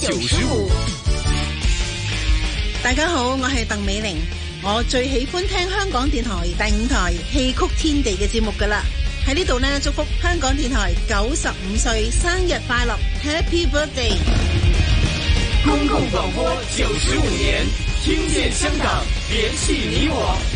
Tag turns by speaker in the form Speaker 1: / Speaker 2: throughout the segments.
Speaker 1: 九
Speaker 2: 十五，大家好，我係鄧美玲，我最喜歡聽香港電台第五台戲曲天地嘅節目噶啦。喺呢度呢，祝福香港電台九十五歲生日快樂，Happy Birthday！
Speaker 1: 公共廣播九十五
Speaker 3: 年，
Speaker 4: 聽見香港，聯繫你我。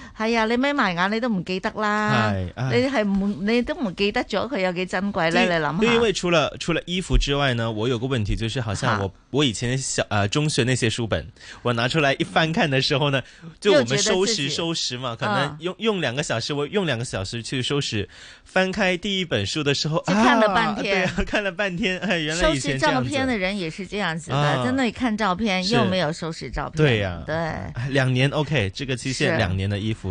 Speaker 2: 係、哎、啊，你眯埋眼你都唔記得啦、哎哎，你係唔你都唔記得咗佢有幾珍貴呢？你諗下。因
Speaker 5: 為除了除了衣服之外呢，我有個問題，就是好像我好我以前小、呃、中學那些書本，我拿出來一翻看的時候呢，就我們收拾收拾嘛，可能用、哦、用兩個小時，我用兩個小時去收拾，翻開第一本書的時候，就看了半天、啊對啊，看了半天，哎、原來以前這樣子，收拾照片
Speaker 2: 的人也是這樣子的，哦、真的看照片又沒有收拾照片。對呀、啊，對。
Speaker 5: 兩、啊、年 OK，這個期限兩年的衣服。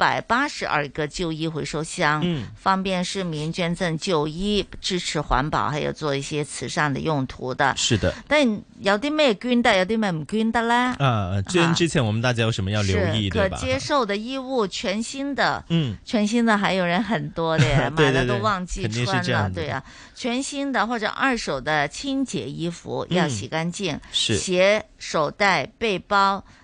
Speaker 2: 百八十二個舊衣回收箱，嗯，方便市民捐贈舊衣，支持環保，還有做一些慈善的用途的。是的，但有啲咩捐得，有啲咩唔捐得咧？
Speaker 5: 啊，捐之前我們大家有什麼要留意的、啊？可接
Speaker 2: 受的衣物，全新的，嗯，全新的還有人很多的，嗯、買了都忘記穿了 對對對，對啊，全新的或者二手的清潔衣服、嗯、要洗乾淨，是鞋、手袋、背包。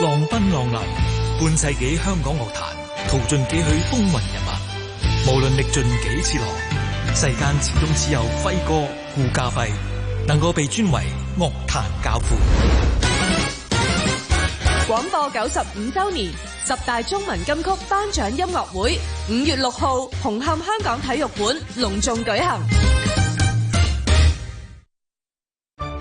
Speaker 3: 浪奔浪流，半世紀香港樂壇，
Speaker 5: 淘盡幾許風雲人物。無論歷盡幾次浪，世間始終只有輝哥顧嘉煇能夠被尊為樂壇教父。
Speaker 3: 廣播
Speaker 2: 九十五周年十大中文金曲頒獎音樂會五月六號，紅磡香港體育館隆重舉行。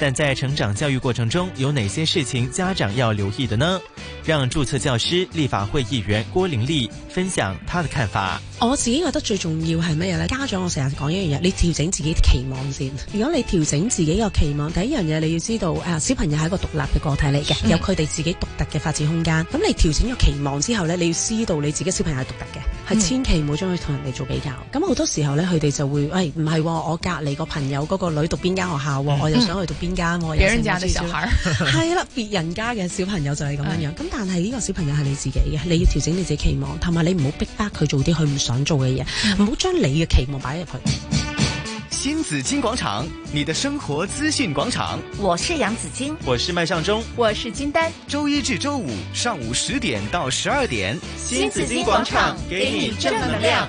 Speaker 5: 但在成長教育過程中，有哪些事情家長要留意的呢？讓註冊教師、立法會議員郭玲麗分享她的看法。
Speaker 6: 我自己覺得最重要係咩嘢呢？家長，我成日講一樣嘢，你調整自己的期望先。如果你調整自己個期望，第一樣嘢你要知道，啊、小朋友係一個獨立嘅個體嚟嘅，有佢哋自己獨特嘅發展空間。咁你調整個期望之後呢，你要知道你自己小朋友係獨特嘅，係、嗯、千祈唔好將佢同人哋做比較。咁好多時候呢，佢哋就會，誒、哎，唔係、哦，我隔離個朋友嗰個女讀邊間學校、哦嗯，我又想去讀邊。家我，人家的小孩係啦，別人家嘅小朋友就係咁樣樣。咁但係呢個小朋友係你自己嘅，你要調整你自己的期望，同埋你唔好逼迫佢做啲佢唔想做嘅嘢，唔好將你嘅期望擺入、嗯、
Speaker 3: 去。紫荊廣場，你的生活資訊廣場，
Speaker 2: 我是楊紫晶，
Speaker 3: 我是麥尚中。我是金丹。周一至周五上午十點到十二點，紫荊廣場，給你正能量。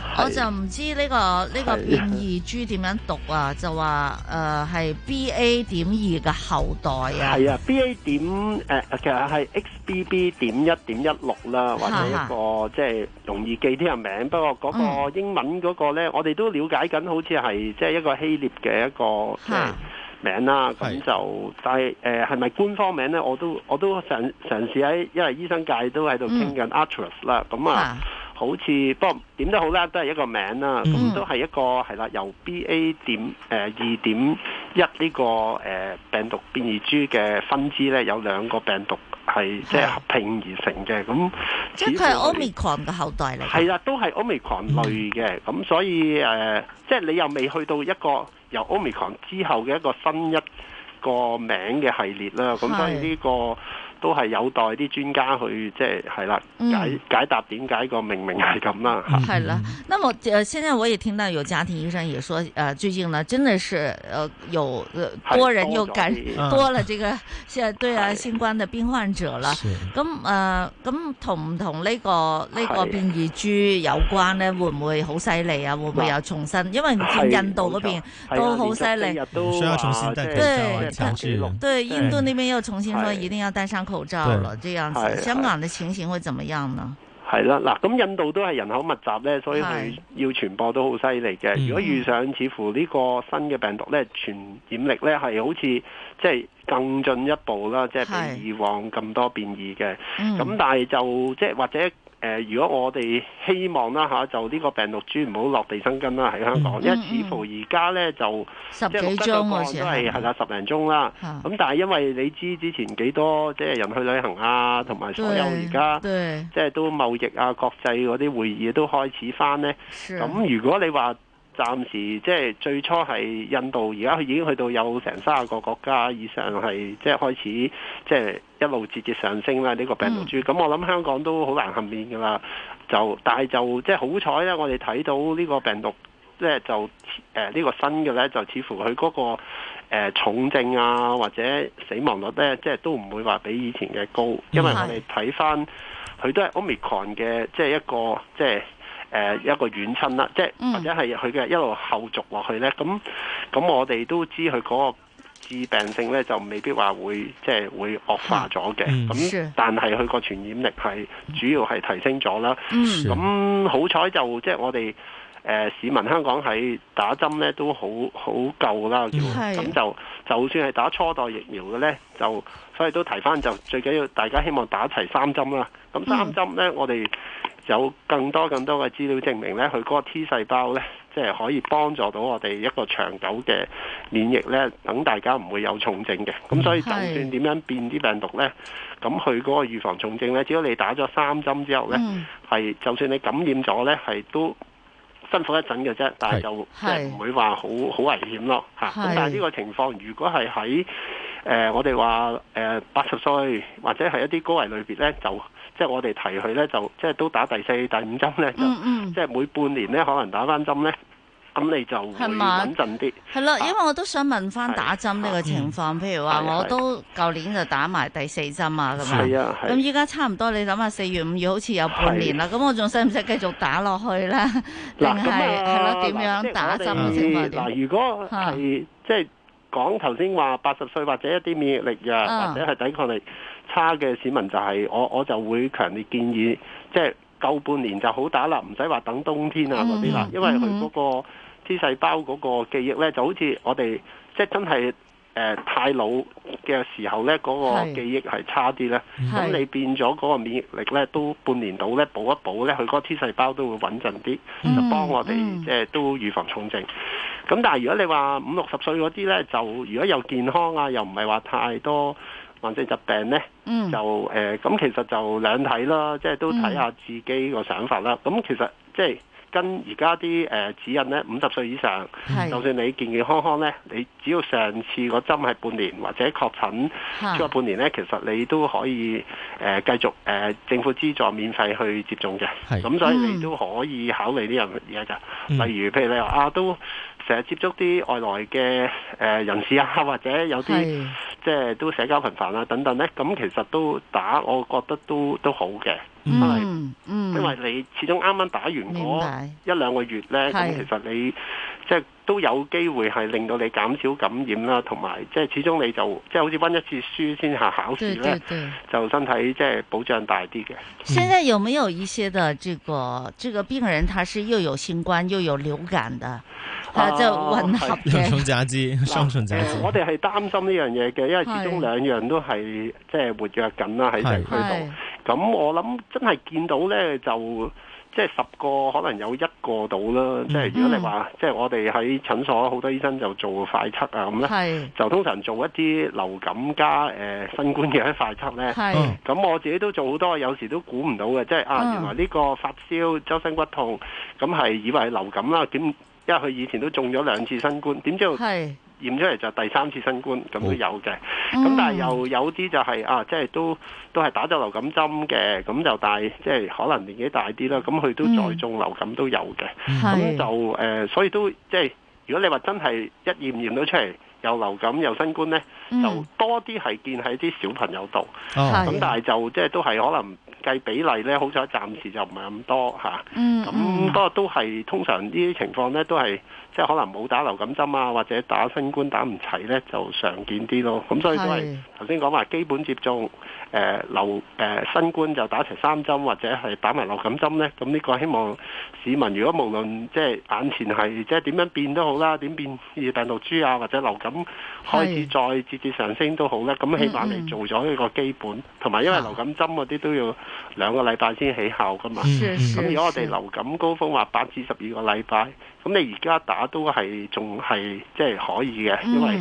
Speaker 2: 我就唔知呢、這個呢、這個變異株點樣讀啊？就話誒係、呃、B A 點2二嘅後代啊？係
Speaker 7: 啊，B A 點、呃、其實係 X B B 1一6一六啦，或者一個即係、啊就是、容易記啲人名。不過嗰個英文嗰個咧、嗯，我哋都了解緊，好似係即係一個希臘嘅一個名啦。咁、啊、就但係誒係咪官方名咧？我都我都嘗嘗試喺，因為醫生界都喺度傾緊 a r c u s 啦。咁啊～好似不過點都好啦，都係一個名啦。咁、嗯、都係一個係啦，由 BA. 點誒二點一呢個誒、呃、病毒變異株嘅分支咧，有兩個病毒係即係合併而成嘅。咁
Speaker 2: 即係佢係 Omicron 嘅後代嚟。係
Speaker 7: 啦，都係 Omicron 類嘅。咁、嗯、所以誒，即、呃、係、就是、你又未去到一個由 Omicron 之後嘅一個新一個名嘅系列啦。咁所以呢個。都係有待啲專家去即係係啦、就是，解解答點解個命名係咁啦。係啦，
Speaker 2: 咁、嗯、我、嗯呃、現在我也聽到有家庭醫生也說、呃、最近呢真的是、呃、有多人又感多了，多了啊、多了這個現在對啊新冠的病患者啦。咁咁同唔同呢個呢、這個變異株有關呢？會唔會好犀利啊？會唔會有重新？因為印度嗰邊都好犀利，啊、日都需要重新戴，
Speaker 4: 對印度呢邊
Speaker 2: 又重新說一定要戴上。口罩了，這樣子、啊，香港的情形會怎麼樣呢？
Speaker 7: 係啦、啊，嗱，咁印度都係人口密集呢，所以佢要傳播都好犀利嘅。如果遇上，似乎呢個新嘅病毒呢，傳染力呢係好似即係更進一步啦，即、就、係、是、比以往咁多變異嘅。咁、啊、但係就即係或者。呃、如果我哋希望啦、啊、就呢個病毒株唔好落地生根啦，喺、嗯、香港，因為似乎而家咧就、嗯嗯就是、十幾宗嗰時都係係啊十零宗啦。咁、嗯、但係因為你知之前幾多即係、就是、人去旅行啊，同埋所有而家即係都貿易啊、國際嗰啲會議都開始返咧。咁如果你話，暫時即係最初係印度，而家佢已經去到有成三十個國家以上係即係開始即係一路節節上升啦。呢、呢個病毒株，咁、嗯、我諗香港都好難幸免㗎啦。就但係就即係好彩咧，我哋睇到呢個病毒即係就呢、呃呢個新嘅咧，就似乎佢嗰、嗰個、呃、重症啊或者死亡率咧，即係都唔會話比以前嘅高、嗯，因為我哋睇翻佢都係 Omicron 嘅即係一個即係。誒、呃、一個遠親啦，即係或者係佢嘅一路後續落去呢。咁咁我哋都知佢嗰個致病性呢，就未必話會即係會惡化咗嘅，咁、嗯、但係佢個傳染力係主要係提升咗啦，咁、嗯、好彩就即係我哋。誒、呃、市民香港喺打針咧都好好夠啦，咁就就算係打初代疫苗嘅咧，就所以都提翻就最緊要大家希望打齊三針啦。咁三針咧，嗯、我哋有更多更多嘅資料證明咧，佢嗰個 T 細胞咧，即、就、係、是、可以幫助到我哋一個長久嘅免疫咧，等大家唔會有重症嘅。咁所以就算點樣變啲病毒咧，咁佢嗰個預防重症咧，只要你打咗三針之後咧、嗯，係就算你感染咗咧，係都。辛苦一陣嘅啫，但係就即係唔會話好好危險咯嚇。咁但係呢個情況，如果係喺誒我哋話誒八十歲或者係一啲高危類別咧，就即係我哋提佢咧，就，就即係都打第四、第五針咧，就，嗯嗯，即係每半年咧可能打翻針咧。咁你就穩陣啲，
Speaker 2: 係咯、嗯，因為我都想問翻打針呢個情況。譬如話，我都舊年就打埋第四針啊，咁樣、係啊，咁依家差唔多。你諗下，四月五月好似有半年啦。咁我仲使唔使繼續打落去咧？定係係咯？點、啊、樣
Speaker 7: 打針嘅嗱、啊啊，如果係即係講頭先話八十歲或者一啲免疫力弱、啊、或者係抵抗力差嘅市民、就是，就係我我就會強烈建議，即、就、係、是、夠半年就好打啦，唔使話等冬天啊嗰啲啦，因為佢嗰、那個。嗯 T 細胞嗰個記憶咧，就好似我哋即係真係誒、呃、太老嘅時候呢，嗰、那個記憶係差啲呢。咁你變咗嗰個免疫力呢，都半年到呢，補一補呢，佢嗰個 T 細胞都會穩陣啲，就幫我哋、嗯嗯、即係都預防重症。咁但係如果你話五六十歲嗰啲呢，就如果有健康啊，又唔係話太多慢性疾病呢，嗯、就誒咁、呃、其實就兩睇啦，即係都睇下自己個想法啦。咁、嗯、其實即係。跟而家啲誒指引咧，五十歲以上，就算你健健康康咧，你只要上次嗰針係半年或者確診超過半年咧，其實你都可以誒、呃、繼續誒、呃、政府資助免費去接種嘅。咁所以你都可以考慮呢樣嘢㗎。例如譬如你話啊都成日接觸啲外來嘅誒人士啊，或者有啲即係都社交頻繁啊等等咧，咁其實都打，我覺得都都好嘅。係、嗯，嗯，因為你始終啱啱打完嗰一兩個月咧，咁其實你即係都有機會係令到你減少感染啦，同埋即係始終你就即係好似溫一次書先下考試咧，就身體即係保障大啲嘅。
Speaker 2: 現在有沒有一些嘅這個這個病人，他是又有新冠又有流感的，
Speaker 5: 他，啊啊、就混合兩重雙重夾擊，雙重夾擊、嗯、我哋係
Speaker 7: 擔心呢樣嘢嘅，因為始終兩樣都係即係活躍緊啦喺地區度。咁我諗真係見到咧，就即係十個可能有一個到啦。即係如果你話，即係我哋喺診所好多醫生就做快測啊，咁咧就通常做一啲流感加誒新冠嘅快測咧。咁我自己都做好多，有時都估唔到嘅，即係啊，原來呢個發燒周身骨痛，咁係以為係流感啦。點因為佢以前都中咗兩次新冠，點知道？驗出嚟就第三次新冠咁都有嘅，
Speaker 4: 咁但係又
Speaker 7: 有啲就係啊，即係都都係打咗流感針嘅，咁就大即係可能年紀大啲啦，咁佢都在中流感都有嘅，咁就誒，所以都即係如果你話真係一驗驗到出嚟又流感又新冠咧，就多啲係見喺啲小朋友度，咁但係就即係都係可能計比例咧，好彩暫時就唔係咁多嚇，
Speaker 4: 咁不過
Speaker 7: 都係通常呢啲情況咧都係。即係可能冇打流感針啊，或者打新冠打唔齊咧，就常見啲咯。咁所以就係頭先講話基本接種。誒、呃、流誒、呃、新冠就打齊三針，或者係打埋流感針呢。咁呢個希望市民如果無論即係眼前係即係點樣變都好啦，點變病毒株啊或者流感開始再節節上升都好啦。咁起碼你做咗呢個基本，同、嗯、埋、嗯、因為流感針嗰啲都要兩個禮拜先起效噶嘛，咁如果我哋流感高峰話八至十二個禮拜，咁你而家打都係仲係即係可以嘅、嗯，因為。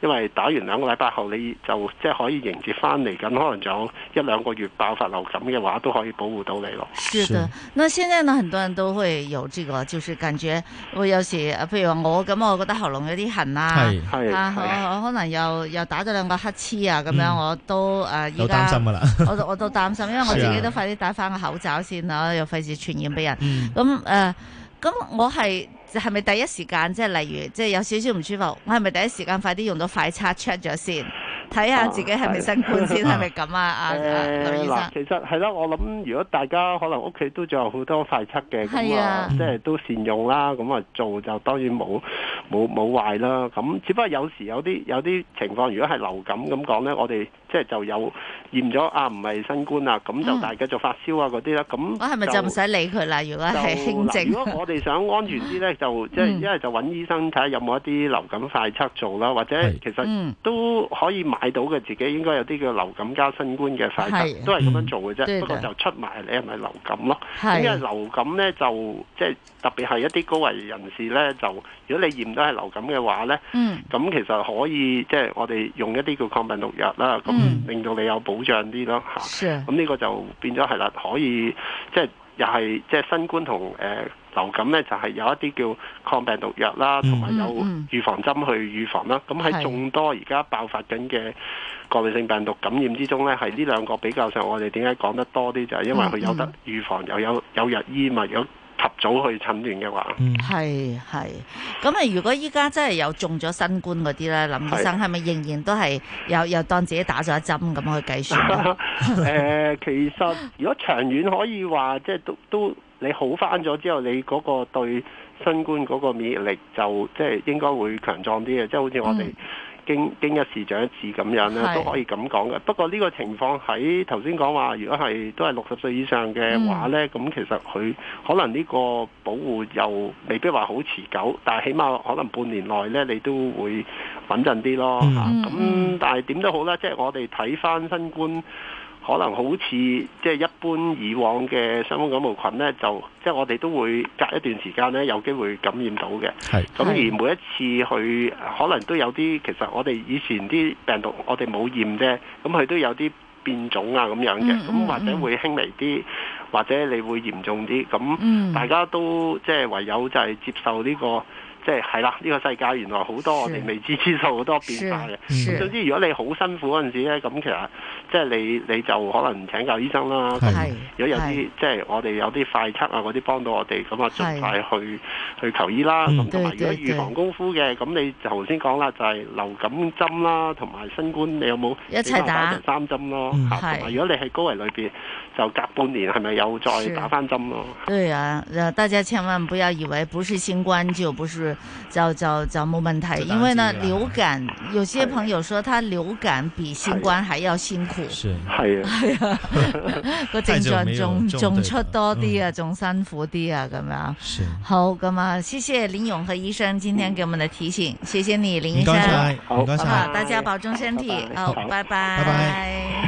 Speaker 7: 因為打完兩個禮拜後，你就即係可以迎接翻嚟緊，可能仲有一兩個月爆發流感嘅話，都可以保護到你咯。是的，
Speaker 2: 那現在呢，很多人都會有這個，就是感覺會有時，譬如話我咁，我覺得喉嚨有啲痕啊，啊我，我可能又又打咗兩個乞嗤啊，咁樣、嗯、我都誒，依、啊、家擔心 我都我都擔心，因為我自己都快啲戴翻個口罩先啦，又費事傳染俾人。咁、嗯咁我係係咪第一時間即係例如即係、就是、有少少唔舒服，我係咪第一時間快啲用到快測 check 咗先？睇下自己係咪新冠先係咪咁啊？啊，醫生。誒嗱，
Speaker 7: 其實係啦，我諗如果大家可能屋企都仲有好多快測嘅，即係都善用啦。咁啊做就當然冇冇冇壞啦。咁只不過有時有啲有啲情況，如果係流感咁講咧，我哋即係就有驗咗啊，唔係新冠啊，咁就大家就發燒啊嗰啲啦。咁我係咪就唔使理佢啦？
Speaker 2: 如果係輕症，如果
Speaker 7: 我哋想安全啲咧，就即係一係就揾醫生睇下有冇一啲流感快測做啦，或者其實都可以買。睇到嘅自己應該有啲叫流感加新冠嘅快測，都係咁樣做嘅啫。不過就出埋你係咪流感咯？因為流感咧就即係特別係一啲高危人士咧，就如果你驗到係流感嘅話咧，咁、嗯、其實可以即係、就是、我哋用一啲叫抗病毒藥啦，咁令到你有保障啲咯嚇。咁、嗯、呢個就變咗係啦，可以即係又係即係新冠同誒。呃流感呢，就係有一啲叫抗病毒藥啦，同埋有，有預防針去預防啦。咁、嗯、喺、嗯、眾多而家爆發緊嘅個別性病毒感染之中呢，係呢兩個比較上，我哋點解講得多啲？就係因為佢有得預防，又、嗯、有有，有藥醫嘛，有及早去診斷嘅話。
Speaker 2: 係、嗯、係。咁啊，如果依家真係有中咗新冠嗰啲呢，林醫生係咪仍然都係又又當自己打咗一針咁去計算
Speaker 7: 呃？其實如果長遠可以話，即係都都。都你好翻咗之後，你嗰個對新冠嗰個免疫力就即係、就是、應該會強壯啲嘅，即係好似我哋經、嗯、經一事長一智咁樣咧，都可以咁講嘅。不過呢個情況喺頭先講話，如果係都係六十歲以上嘅話呢，咁、嗯、其實佢可能呢個保護又未必話好持久，但係起碼可能半年內呢，你都會穩陣啲咯。咁、嗯、但係點都好啦，即、就、係、是、我哋睇翻新冠。可能好似即係一般以往嘅傷風感冒菌呢，就即係我哋都會隔一段時間呢，有機會感染到嘅。咁而每一次去可能都有啲，其實我哋以前啲病毒我哋冇驗啫，咁佢都有啲變種啊咁樣嘅，咁、嗯、或者會輕微啲、嗯，或者你會嚴重啲，咁大家都即係唯有就係接受呢、這個。即係係啦，呢個世界原來好多我哋未知之數好多變化嘅。咁總之，如果你好辛苦嗰陣時咧，咁其實即係你你就可能請教醫生啦。係，咁如果有啲即係我哋有啲快測啊，嗰啲幫到我哋咁啊，儘快去去求醫啦。咁
Speaker 4: 同埋如果預防
Speaker 7: 功夫嘅，咁你就頭先講啦，就係流感針啦，同埋新冠，你有冇一齊打三針咯？係、嗯，同埋如果你係高危裏邊，就隔
Speaker 2: 半年係咪又再打翻針咯？對啊，大家千萬不要以為不是新冠就不是就就就冇問題，啊，因為呢流感有些朋友說他流感比新冠還要辛苦。是。
Speaker 7: 係啊，係啊，個症狀仲仲出多啲，嗯、啊，
Speaker 2: 仲辛苦啲啊咁樣。是好咁啊，謝謝林永和醫生今天給我們的提醒，嗯、謝謝你林醫生。好，大家保重身體。拜拜。好，拜。拜拜。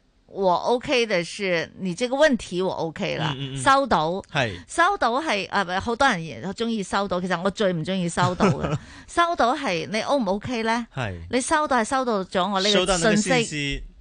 Speaker 2: 我 OK 的是，你這個問題我 OK 啦，嗯嗯，收到係收到係啊，呃、好多人中意收到，其實我最唔中意收到嘅， 收到係你 O、哦、唔 OK 咧？係你收到係收到咗我呢個信息。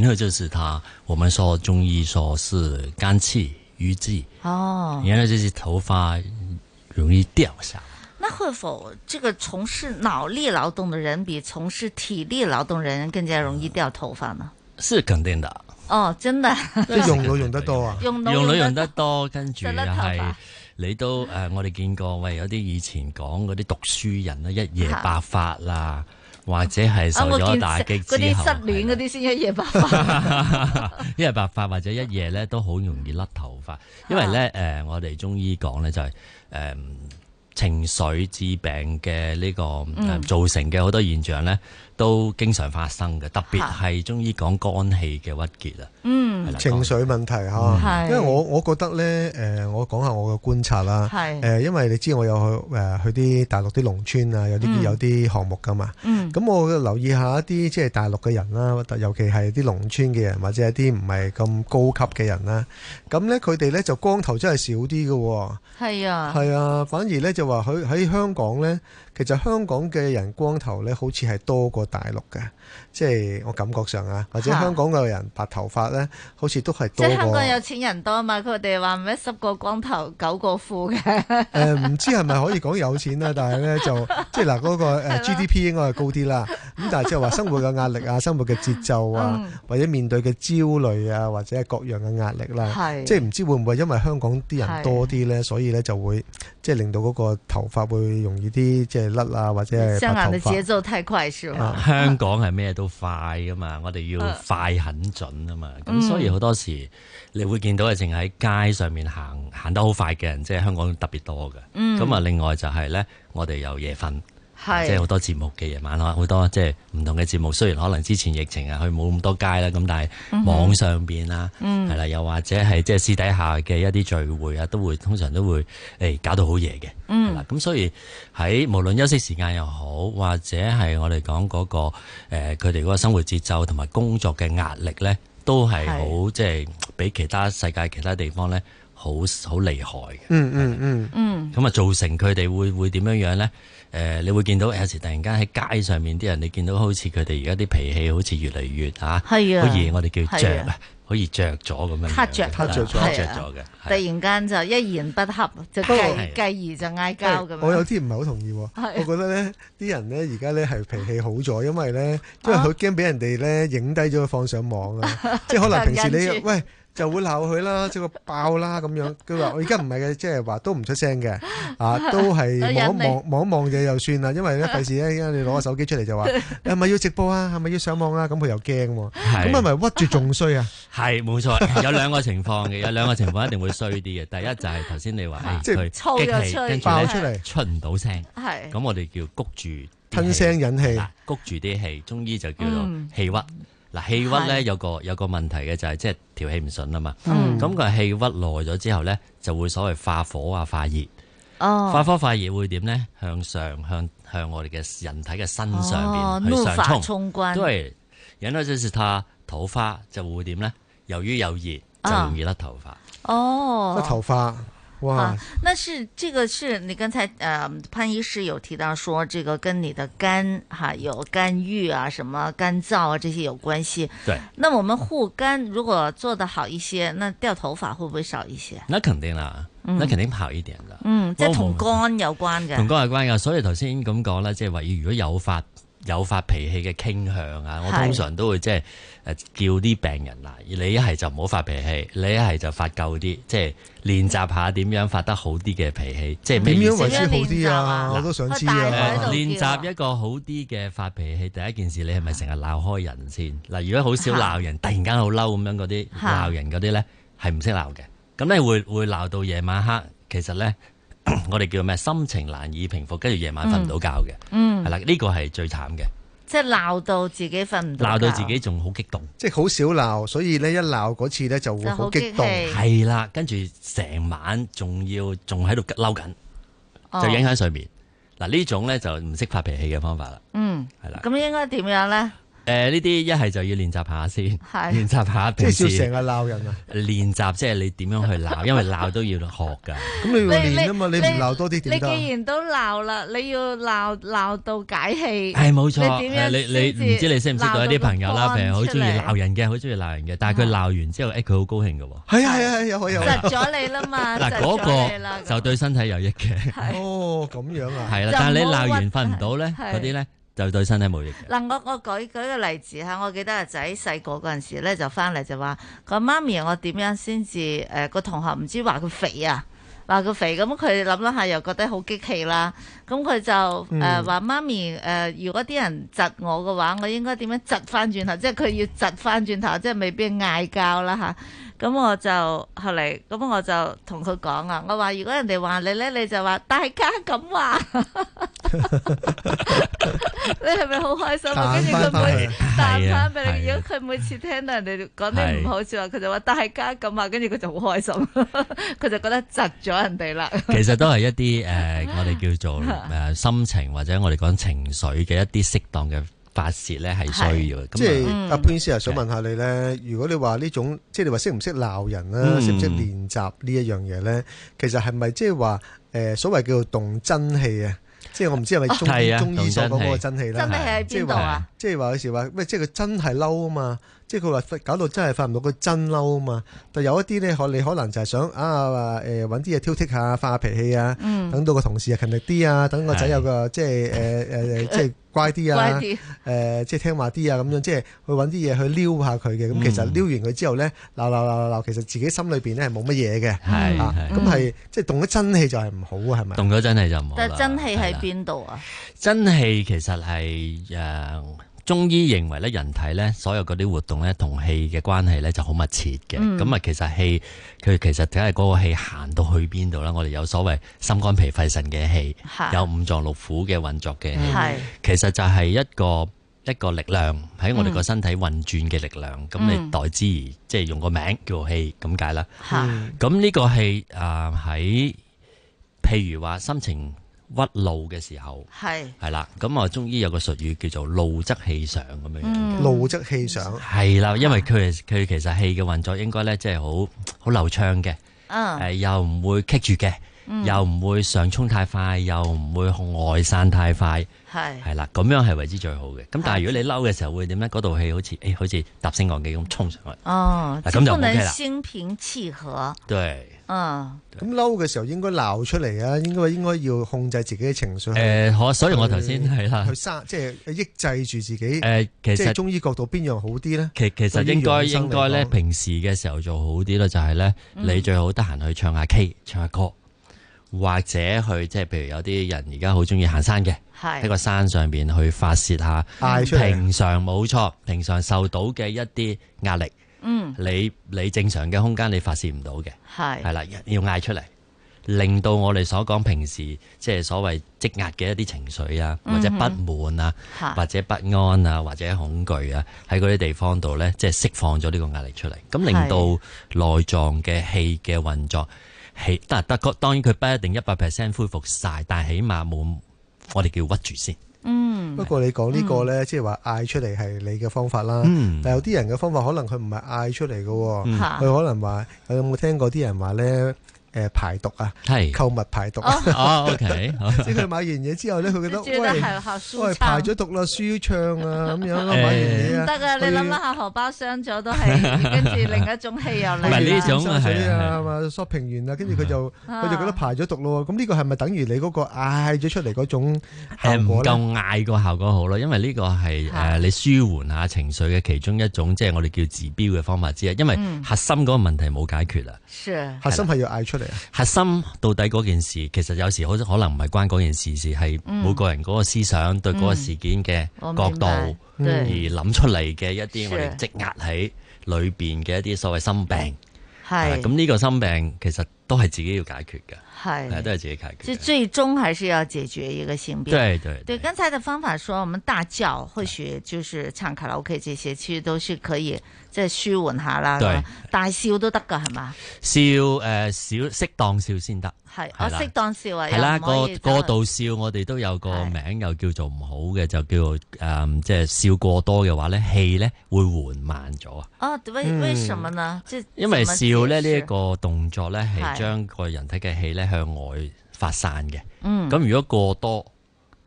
Speaker 8: 然後就是他，我們說中醫說是肝氣鬱滯
Speaker 4: 哦，
Speaker 2: 原來
Speaker 8: 就是頭髮容易掉下。
Speaker 2: 那會否這個從事腦力勞動的人比從事體力勞動人更加容易掉頭髮呢？嗯，
Speaker 8: 是肯定的
Speaker 2: 哦，真的，的哦、真的
Speaker 8: 的用腦用得多啊，用腦用得多，跟住係你都誒，我哋見過喂，有啲以前講嗰啲讀書人啦，一夜白髮啦。或者係受咗打擊之後，嗰、啊、啲失、
Speaker 2: 失戀嗰啲先一夜白髮，
Speaker 8: 一 夜 白髮或者一夜咧都好容易甩頭髮，因為咧誒、呃，我哋中醫講咧就係、是、誒、呃、情緒致病嘅呢、這個、呃、造成嘅好多現象咧。嗯都經常發生嘅，特別係中醫講肝氣嘅鬱結啊。嗯，
Speaker 6: 情緒問題嚇，啊、是因為我我覺得咧，誒、呃，我講下我嘅觀察啦。係是，誒，因為你知我有去誒、呃、去啲大陸啲農村啊，有啲有啲項目㗎嘛。嗯，咁我留意一下一啲即係大陸嘅人啦，尤其係啲農村嘅人，或者係啲唔係咁高級嘅人啦。咁咧佢哋咧就光頭真係少啲㗎喎。係啊，係啊，反而咧就話佢喺香港咧。其實香港嘅人光頭呢好似係多過大陸嘅。即係我感覺上啊，或者香港嘅人白頭髮咧，好似都係多，即係香港
Speaker 2: 有錢人多嘛？佢哋話咩十個光頭九個富嘅。誒
Speaker 6: 唔知係咪可以講有錢啦？但係咧就即係嗱嗰個誒 GDP 應該係高啲啦。咁但係即係話生活嘅壓力啊，生活嘅節奏啊，或者面對嘅焦慮啊，或者係各樣嘅壓力啦。係即係唔知會唔會因為香港啲人多啲咧，所以咧就會即係令到嗰個頭髮會容易啲即係甩啊，或者
Speaker 2: 白頭髮。節奏太快係嘛？香
Speaker 8: 港係咩都～要快啊嘛，我哋要快很準啊嘛，咁、啊嗯、所以好多時你會見到係淨喺街上面行，行得好快嘅人，即係香港特別多嘅。咁、嗯、啊，另外就係咧，我哋有夜瞓。係即係好多節目嘅夜晚嚇，好多即係唔同嘅節目。雖然可能之前疫情啊，佢冇咁多街啦，咁但係網上邊啦，係、嗯、啦，又或者係即係私底下嘅一啲聚會啊，都會通常都會、欸、搞到好夜嘅。嗯，咁所以喺無論休息時間又好，或者係我哋講嗰個佢哋嗰個生活節奏同埋工作嘅壓力咧，都係好即係比其他世界其他地方咧好好厲害嘅。嗯嗯嗯嗯，咁啊造成佢哋會會點樣樣咧？誒、呃，你會見到有時突然間喺街上面啲人，你見到好似佢哋而家啲脾氣好似越嚟越嚇，好似我哋叫着，啊，啊好似着咗咁樣。蝦着蝦咗，嘅、啊。啊、
Speaker 2: 突然間就一言不合就繼、啊、繼而就嗌交咁，我有啲唔
Speaker 6: 係好同意，我覺得咧啲人咧而家咧係脾氣好咗，因為咧因為佢驚俾人哋咧影低咗放上網啊， 即係可能平時你喂。就會鬧佢啦，即係個爆啦咁樣。佢話我而家唔係嘅，即係話都唔出聲嘅，啊都係望一望望一望就又算啦。因為咧費事咧，而家你攞個手機出嚟就話，係咪要直播啊？係咪要上網啊？咁佢又驚，咁係咪屈住仲衰啊？
Speaker 8: 係冇錯，有兩個情況嘅，有兩個情況一定會衰啲嘅。第一就係頭先你話啊，佢激氣跟住咧出嚟出唔到聲，係咁我哋叫谷住吞聲引氣，谷住啲氣，中醫就叫做氣鬱。嗱，氣鬱咧有個有個問題嘅，就係即係調氣唔順啊嘛，咁、嗯、個氣鬱耐咗之後咧就會所謂化火啊化熱。
Speaker 2: 哦、化
Speaker 8: 火化熱會點咧？向上向向我哋嘅人體嘅身上邊去上衝，因、哦、為引到即係他頭髮就會點咧？由於有熱就容易甩頭髮，
Speaker 2: 甩頭髮。哦啊、那是這個是你剛才呃潘醫師有提到說這個跟你的肝哈、啊、有肝鬱啊什麼肝臟啊這些有關係。對，那我們護肝如果做得好一些，那掉頭髮會不會少一些？
Speaker 8: 那肯定啦、嗯，那肯定好一點
Speaker 2: 的。嗯，即、嗯、係同肝有關嘅，同肝
Speaker 8: 有關嘅。所以頭先咁講啦，即係話要如果有發有發脾氣嘅傾向啊，我通常都會即係。叫啲病人嗱，你一係就唔好發脾氣，你一係就發夠啲，即係練習下點樣發得好啲嘅脾氣，即係點樣為之好啲啊？我都想知啊！練習一個好啲嘅發脾氣，第一件事你係咪成日鬧開人先？嗱是，如果好少鬧人，突然間好嬲咁樣嗰啲鬧人嗰啲呢，係唔識鬧嘅。咁你會會鬧到夜晚黑，其實呢， 我哋叫咩？心情難以平復，跟住夜晚瞓唔到覺嘅、嗯。嗯，係啦，呢、呢個係最慘嘅。
Speaker 2: 即係鬧到自己瞓唔到，鬧到自己
Speaker 8: 仲好激動，即係好少鬧，所以咧一鬧嗰次咧就會好激動，係啦，跟住成晚仲要仲喺度嬲緊，就影響睡眠。嗱呢、哦、種咧就唔識發脾氣嘅方法啦。嗯，係啦了。
Speaker 2: 咁應該點樣咧？
Speaker 8: 誒，呢啲一係就要練習下先，練習下，平時成日鬧人啊！練習即係你點樣去鬧，因為鬧都要學噶。
Speaker 6: 咁你練啊嘛，你唔鬧
Speaker 8: 多啲點得？你既然
Speaker 2: 都鬧啦，你要鬧鬧到解氣。係冇錯，係你你唔知你識唔識到一啲朋友啦？譬如好中意鬧
Speaker 8: 人嘅，好中意鬧人嘅，但係佢鬧完之後，誒，佢好高興噶。係啊係啊，又可以有。窒咗你啦嘛，嗱，嗰個，就對身體有益嘅。哦，
Speaker 6: 咁樣
Speaker 8: 啊。係啦，但係你鬧完瞓唔到咧，嗰啲咧。就對身體冇益。
Speaker 2: 嗱，我我舉舉個例子嚇，我記得阿仔細個嗰陣時咧就翻嚟就話，佢媽咪，我點樣先至誒，個同學唔知話佢肥啊，話佢肥。咁佢諗一嚇又覺得好激氣啦。咁佢就誒話、呃嗯、媽咪誒、呃，如果啲人窒我嘅話，我應該點樣窒翻轉頭？即係佢要窒翻轉頭，即係未必嗌交啦嚇。啊。咁我就後嚟，咁我就同佢講啊，我話如果人哋話你咧，你就話大家咁話， 你係咪好開心啊？跟住佢會彈翻俾你，如果佢每次聽到人哋講啲唔好笑話，佢就話大家咁話，跟住佢就好開心，佢 就覺得窒咗人哋啦。其實都
Speaker 8: 係一啲誒、呃，我哋叫做誒、呃、心情或者我哋講情緒嘅一啲適當嘅。發洩咧係需要嘅，即係是阿、嗯啊、
Speaker 6: 潘 Sir、啊、想問下你咧，嗯、如果你話呢種，即係你話識唔識鬧人啦，識唔識練習呢一樣嘢咧，其實係咪即係話誒所謂叫做動真氣啊？即係我唔知係咪中醫、哦啊、中醫所講嗰個真氣咧？真氣喺邊度？即係話有時話咩？即係佢真係嬲啊嘛？即係佢話搞到真係發唔到個真嬲啊嘛，但係有一啲咧可你可能就係想啊誒揾啲嘢挑剔下發下脾氣啊，等到個同事啊勤力啲啊，等個仔有個即係誒誒即係乖啲啊，乖啲，誒即係聽話啲啊咁樣，即係去揾啲嘢去撩下佢嘅。咁其實撩完佢之後咧，鬧鬧鬧鬧鬧，其實自己心裏面咧係冇乜嘢嘅，係啊，咁係即係動咗真氣就係唔好啊，係
Speaker 8: 咪？動咗真氣就唔好。但係真
Speaker 2: 氣喺邊度啊？
Speaker 8: 真氣其實係誒。中醫認為咧，人體咧所有嗰啲活動咧，同氣嘅關係咧就好密切嘅。咁啊，其實氣佢其實睇係嗰個氣行到去邊度啦。我哋有所謂心肝脾肺腎嘅氣，有五臟六腑嘅運作嘅氣。係，其實就係一個一個力量喺我哋個身體運轉嘅力量。咁、嗯、你代之而，即、就、係、是、用個名叫做氣，咁解啦。係、嗯。咁呢個氣誒喺譬如話心情。屈怒嘅時候，係，係啦，咁啊，中醫有個術語叫做怒則氣上咁樣樣，怒則氣上，係、這、啦、個嗯，因為佢佢其實氣嘅運作應該咧，即係好好流暢嘅、
Speaker 2: 嗯呃，
Speaker 8: 又唔會棘住嘅、嗯，又唔會上衝太快，又唔會向外散太快，
Speaker 4: 係，
Speaker 2: 係啦，
Speaker 8: 咁樣係為之最好嘅。咁但係如果你嬲嘅時候會點咧？嗰道氣好似誒、欸，好似搭升降機咁衝上去，哦，咁就
Speaker 6: 心平氣和，啊！咁嬲嘅時候應該鬧出嚟啊，應該應該要控制自己嘅情緒。誒、呃啊，所以我頭先係啦，去生即係抑制住自己。誒、呃，其實中醫角度邊樣好啲咧？其實其實應該應該咧，
Speaker 8: 平時嘅時候做好啲啦，就係、是、咧，你最好得閒去唱下 K，、嗯、唱下歌，或者去即係，譬如有啲人而家好中意行山嘅，喺個山上邊去發泄下。平常冇錯，平常受到嘅一啲壓力。嗯，你你正常嘅空間你發泄唔到嘅，
Speaker 4: 係係啦，
Speaker 8: 要嗌出嚟，令到我哋所講平時即係所謂積壓嘅一啲情緒啊，或者不滿啊、嗯，或者不安啊，或者恐懼啊，喺嗰啲地方度咧，即係釋放咗呢個壓力出嚟，咁令到內臟嘅氣嘅運作起，但係得當然佢不一定一百 percent 恢復晒，但係起碼冇我哋叫屈住先。
Speaker 6: 嗯，不過你講呢個呢，即係話嗌出嚟係你嘅方法啦、嗯。但有啲人嘅方法可能佢唔係嗌出嚟嘅，佢、嗯、可能話，你有冇聽過啲人話呢？」誒，排毒啊，係購物排毒。哦，OK，即係佢買完嘢之後咧，佢覺得，喂，喂，排咗毒啦，舒暢啊，咁樣咯。唔得啊，你諗諗下，
Speaker 2: 荷包傷咗都
Speaker 6: 係，跟住另一種氣又嚟。嗱，呢種係。shopping 完啊，跟住佢就佢就覺得排咗毒咯。咁呢個係咪等於你嗰個嗌咗出嚟嗰種
Speaker 8: 效果咧？唔夠嗌個效果好咯，因為呢個係誒你舒緩下情緒嘅其中一種，即係我哋叫治標嘅方法之一。因為核心嗰個問題冇解決啦，係
Speaker 6: 啊，核心係要嗌出嚟。
Speaker 8: 核心到底嗰件事，其實有時好可能唔係關嗰件事事，係每個人嗰個思想對嗰個事件嘅角度而諗出嚟嘅一啲我哋積壓喺裏邊嘅一啲所謂心病。
Speaker 2: 係咁呢
Speaker 8: 個心病，其實都係自己要解決嘅。
Speaker 2: 係，都係自
Speaker 8: 己解決。就
Speaker 2: 最終還是要解決一個心病。對對對，對，對，剛才的方法說，說我們大叫，或許就是唱卡拉 OK，這些其實都是可以。即、就、係、是、舒緩下啦，大笑都得噶係嘛？
Speaker 8: 笑誒，少、呃、適當笑先得。係
Speaker 2: 我適當笑啊，係啦，過過度
Speaker 8: 笑我哋都有個名，又叫做唔好嘅，就叫做誒，即、呃、係、就是、笑過多嘅話咧，氣咧會緩慢咗
Speaker 2: 啊。哦，為為什麼呢？即、嗯、係因為笑咧呢一個
Speaker 8: 動作咧，係將個人體嘅氣咧向外發散嘅。嗯，咁如果過多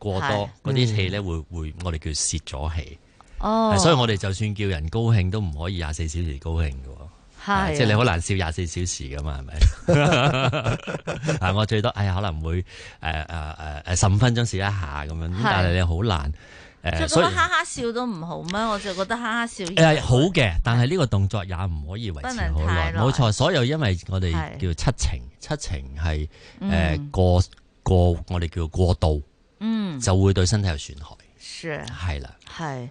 Speaker 8: 過多嗰啲氣咧，氣會會我哋叫泄咗氣。哦、oh.，所以我哋就算叫人高興都唔可以廿四小時高興嘅，係即係你好難笑廿四小時噶嘛，係咪？啊，就是、 我最多哎呀可能會誒誒誒誒十五分鐘笑一下咁樣，但係你好難。呃、就覺得哈哈
Speaker 2: 笑，笑都唔好咩？我就覺得哈哈笑係好
Speaker 8: 嘅，但係呢個動作也唔可以維持好耐。冇錯，所有因為我哋叫七情，是七情係誒、嗯、過過我哋叫過度，嗯，就會對身體有損害。是係啦，係、啊。
Speaker 2: 是是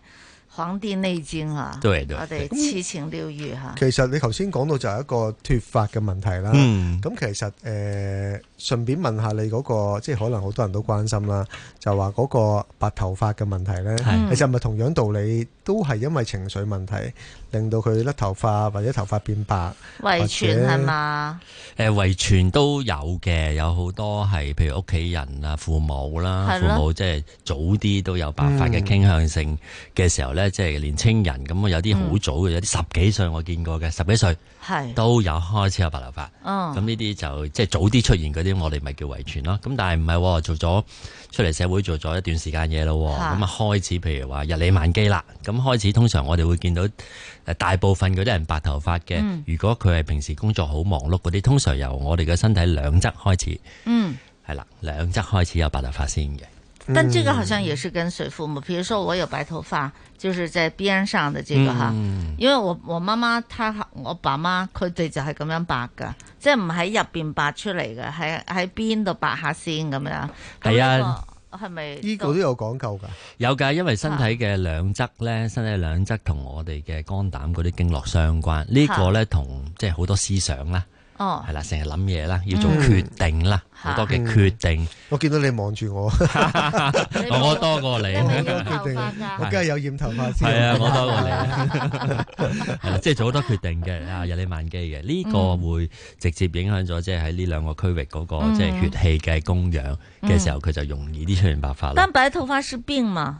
Speaker 2: 《黃帝內經》啊，對對對，我哋七情六慾嚇。其
Speaker 8: 實你頭先講到
Speaker 6: 就係一個脫髮嘅問題啦。咁、嗯、其實誒、呃，順便問下你嗰、嗰個，即係可能好多人都關心啦，就話嗰個白頭髮嘅問題咧，其實係咪同樣道理？都係因為情緒問題，令到佢甩頭髮或者頭髮變白，
Speaker 8: 遺傳係嘛？誒，遺傳都有嘅，有好多係，譬如屋企人啊，父母啦，父母即係早啲都有白髮嘅傾向性嘅時候咧、嗯，即係年青人咁啊，有啲好早嘅，有啲十幾歲我見過嘅、嗯，十幾歲係都有開始有白頭髮，咁呢啲就即係、就是、早啲出現嗰啲，我哋咪叫遺傳咯。咁但係唔係，做咗出嚟社會做咗一段時間嘢咯，咁啊開始譬如話日理萬機啦，咁、嗯。咁開始通常我哋會見到，誒，大部分嗰啲人白頭髮嘅，如果佢係平時工作好忙碌嗰啲，嗯、通常由我哋嘅身體兩側開始，
Speaker 4: 嗯，
Speaker 8: 係啦，兩側開始有白頭髮先嘅。但係呢個好
Speaker 2: 像也是跟隨父母，譬如說我有白頭髮，就是在邊上的這個吓、嗯，因為我我媽媽，她我爸媽，佢哋就係咁樣白噶，即係唔喺入邊白出嚟嘅，喺喺邊度白下先
Speaker 6: 咁樣。係啊。呢個都
Speaker 8: 有講究噶，有噶，因為身體嘅兩側咧，身體兩側同我哋嘅肝膽嗰啲經絡相關，呢個咧同即係好多思想啦。哦，係啦，成日諗嘢啦，要做決定啦，好、嗯、多嘅決定。嗯、我見到你望住我， 我，我， 我，我多過你。有染頭髮噶，梗係有染頭髮先。係啊，我多過你。係啦，即係做好多決定嘅，啊日理萬機嘅呢個會直接影響咗、那個嗯，即係喺呢兩個區域嗰個即係血氣嘅供養嘅時候，佢、嗯、就容易啲出現白髮。啦但
Speaker 2: 白頭髮是病嘛？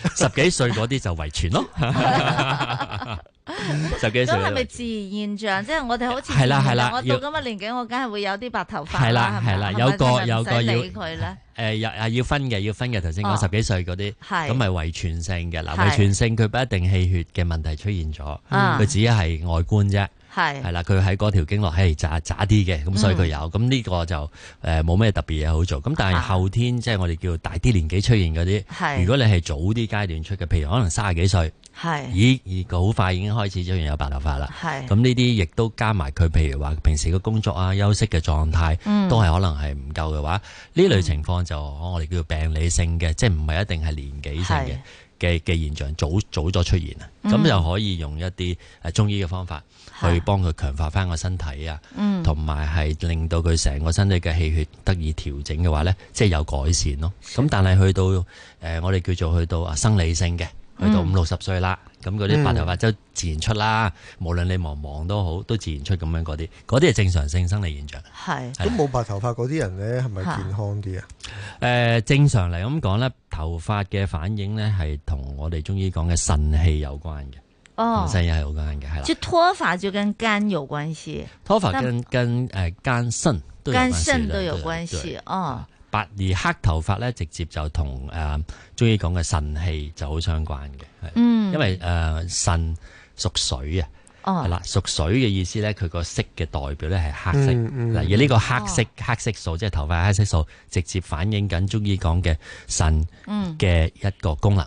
Speaker 8: 十幾歲嗰啲就遺傳咯，
Speaker 2: 十幾歲嗰啲係咪自然現象？即係 我哋好似係啦係啦，我到咁嘅年紀，我梗係會有啲白頭髮啦，係啦係啦，有個理有個要佢咧。
Speaker 8: 誒，又係要分嘅，要分嘅。頭先講十幾歲嗰啲，咁咪遺傳性嘅。嗱，遺傳性佢不一定氣血嘅問題出現咗，佢、嗯、只係外觀啫。係係啦，佢喺嗰條經絡係渣渣啲嘅，咁所以佢有咁呢、嗯、個就誒冇咩特別嘢好做。咁但係後天即係我哋叫大啲年紀出現嗰啲，如果你係早啲階段出嘅，譬如可能三十幾歲，咦而好快已經開始出現有白頭髮啦。咁呢啲亦都加埋佢，譬如話平時嘅工作啊、休息嘅狀態都係可能係唔夠嘅話，呢類情況就我哋叫病理性嘅、嗯，即係唔係一定係年紀性嘅嘅嘅現象，早早咗出現啊。咁、嗯、就可以用一啲誒中醫嘅方法。去幫佢強化翻、嗯、個身體啊，同埋係令到佢成個身體嘅氣血得以調整嘅話呢，即、就、係、是、有改善咯。咁但係去到誒、呃，我哋叫做去到生理性嘅、嗯，去到五六十歲啦，咁嗰啲白頭髮就自然出啦、嗯。無論你忙唔忙都好，都自然出咁樣嗰啲，嗰啲係正常性生理現象。
Speaker 6: 係咁冇白頭髮嗰啲人呢，係咪健康啲啊？
Speaker 8: 誒、呃，正常嚟咁講呢，頭髮嘅反應呢，係同我哋中醫講嘅腎氣有關嘅。腎又亦係有關嘅，係啦。就脫
Speaker 2: 髮就跟肝有關係，脫髮跟
Speaker 8: 跟誒、呃、肝腎都有關係。肝腎都有關係、哦、白而黑頭髮咧，直接就同誒、呃、中醫講嘅腎氣就好相關嘅，
Speaker 2: 係。嗯。因
Speaker 8: 為誒腎屬水啊，係、哦、啦，屬水嘅意思咧，佢個色嘅代表咧係黑色。嗯嗯、而呢個黑色、哦、黑色素，即係頭髮黑色素，直接反映緊中醫講嘅腎嘅一個功能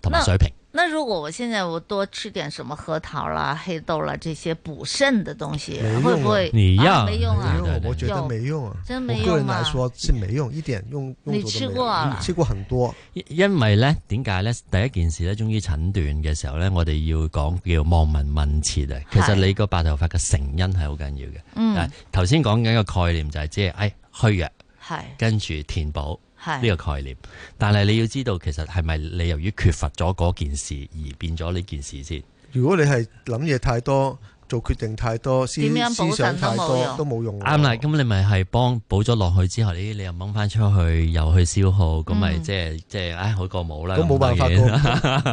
Speaker 8: 同埋、嗯、水平。
Speaker 2: 那如果我現在我多吃點什麼核桃啦、黑豆啦這些補腎的東西，啊、會唔會？你要用，、啊、用
Speaker 8: 啊用？
Speaker 6: 我覺得沒用啊，用真沒用、啊、我個人來說是沒用，一點用用都冇。你吃過、嗯？吃過很多。
Speaker 8: 因為呢點解呢？第一件事呢，中醫診斷嘅時候呢，我哋要講叫望聞問切啊。其實你個白頭髮嘅成因係好緊要嘅。嗯。但係頭先講緊個概念就係即係，哎，虛弱，係，跟住填補。呢、這個概念，但係你要知道，其實係咪你由於缺乏咗嗰件事而變咗呢件事先？如
Speaker 6: 果你係諗嘢太多，做決定太多，思，思想太多，都冇用。啱
Speaker 8: 啦，咁你咪係幫補咗落去之後，呢你，你又掹翻出去，又去消耗，咁咪即係即係唉，好過冇啦。都冇辦法，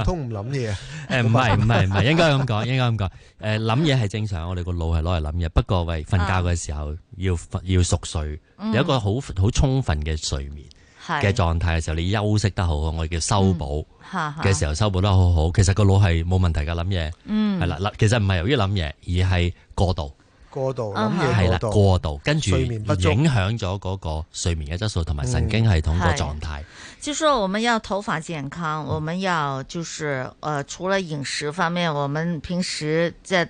Speaker 8: 通唔諗嘢。誒唔係唔係唔係，應該咁講，應該咁講。誒諗嘢係正常， 我哋個腦係攞嚟諗嘢。不過喂，瞓覺嘅時候要、嗯、要熟睡，有一個好好充分嘅睡眠。
Speaker 2: 嘅狀
Speaker 8: 態嘅時候，你休息得好，我哋叫修補嘅、嗯、時候修補得好好、嗯。其實個腦係冇問題㗎諗嘢，係啦、嗯。其實唔係由於諗嘢，而係過度,過度。
Speaker 6: 啊、過度諗嘢係啦，過
Speaker 8: 度跟住影響咗嗰個睡眠嘅質素同埋神經系統嘅狀態。嗯、
Speaker 2: 是就是說，我們要頭髮健康，我們要就是，呃、除了飲食方面，我們平時在。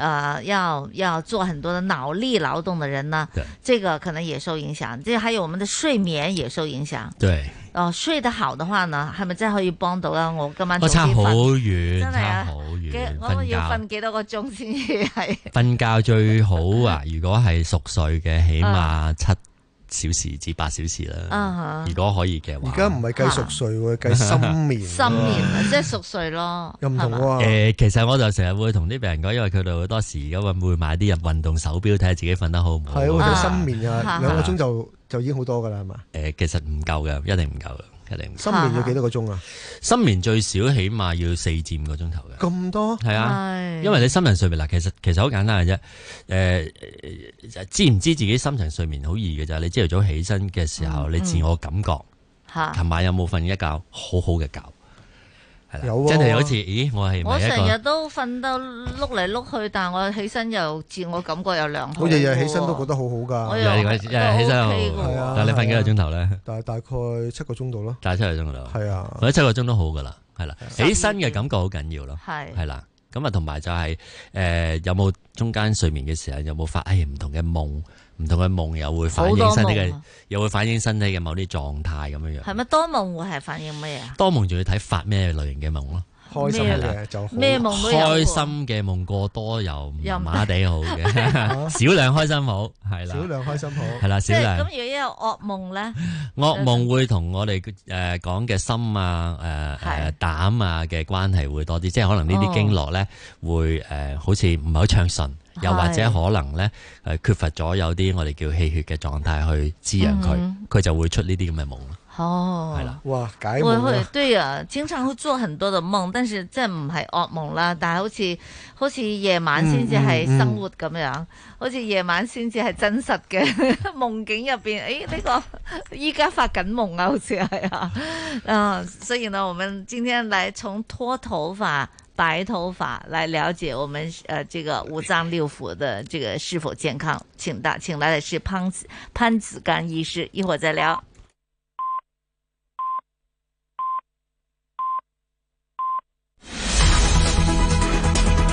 Speaker 2: 誒、呃，要要做很多的腦力勞動的人呢？對，這個可能也受影響。即係還有我們的睡眠也受影響。對，哦、呃，睡得好的話呢，係咪真係可以幫到咧？我今晚我、哦、差好
Speaker 8: 遠，真
Speaker 2: 係好遠，我我要瞓幾多個鐘先係？
Speaker 8: 瞓覺最好啊， 如果係熟睡嘅，起碼七，啊小時至八小時啦，如果可以嘅話，而家唔係計熟
Speaker 6: 睡喎，計深眠。
Speaker 2: 深眠即係熟睡咯，又唔同
Speaker 8: 喎。誒，其實我就成日會同啲病人講，因為佢哋好多時而家會買啲入運動手錶睇下自己瞓得好唔
Speaker 6: 好。係啊，計深眠啊，兩個鐘就就已經好多噶啦係嘛？
Speaker 8: 誒，其實唔夠嘅，一定唔夠嘅。深眠要幾多個鐘啊？深眠最少起碼要四至五個鐘頭
Speaker 6: 嘅。咁多係啊，因為你深
Speaker 8: 層睡眠嗱，其實其實好簡單嘅啫。誒、呃，知唔知自己深層睡眠好易嘅就係你朝頭早起身嘅時候，嗯，你自我感覺，琴、嗯、晚有冇瞓一覺好好嘅覺？係啦，真係好似，咦！我係我成日
Speaker 2: 都瞓到碌嚟碌去，但係我起身又自我感覺又良好。我日日起身
Speaker 6: 都覺得好好噶，日日起身好，但係你瞓幾個鐘頭咧？但係大概七個鐘度咯，
Speaker 8: 但係七個鐘度，係啊，或者七個鐘都好噶啦，係啦，起身嘅感覺好緊要咯，係係啦，咁啊同埋就係誒有冇中間睡眠嘅時候有冇發誒唔同嘅夢？唔同嘅夢又會反映身體嘅，又會反映身體嘅某啲狀態咁樣樣。係
Speaker 2: 咪多夢、啊、會係反映乜嘢啊？
Speaker 8: 多夢仲要睇發咩類型嘅夢咯。開心嘅就咩夢，開心嘅夢過多又麻麻地好嘅，少量開心好係啦，少量
Speaker 6: 開心
Speaker 2: 好係啦，少量。咁如果有噩夢咧，
Speaker 8: 噩夢會同我哋誒講嘅心啊誒膽啊嘅關係會多啲，即係可能呢啲經絡咧會誒好似唔係好暢順，又或者可能咧誒缺乏咗有啲我哋叫氣血嘅狀態去滋養佢，佢就會出呢啲咁嘅夢咯。哦，係啦，哇解夢，
Speaker 2: 對啊，經常會做很多的夢，但是即係唔係噩夢啦，但係好似好似夜晚先至係生活咁樣，嗯嗯嗯、好似夜晚先至係真實嘅 夢境入邊，誒、哎、呢、這個依家發緊夢啊，好似
Speaker 4: 係啊，嗯，
Speaker 2: 所以呢，我們今天來從脫頭髮、白頭髮來了解我們誒、呃、這個五臟六腑的這個是否健康，請大請來的是潘子潘子剛醫師，一會再聊。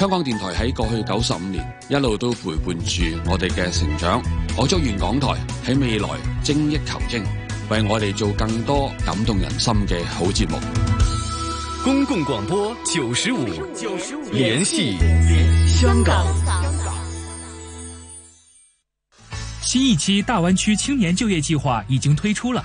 Speaker 8: 香港電台喺過去九十五年一路都陪伴住我哋嘅成長，我祝願港台喺未來精益求精，為我哋做更多感動人心嘅好節目。
Speaker 3: 公共廣播九十五，九十五，聯繫香，香港。新一期大灣區青年就業計劃已經推出了。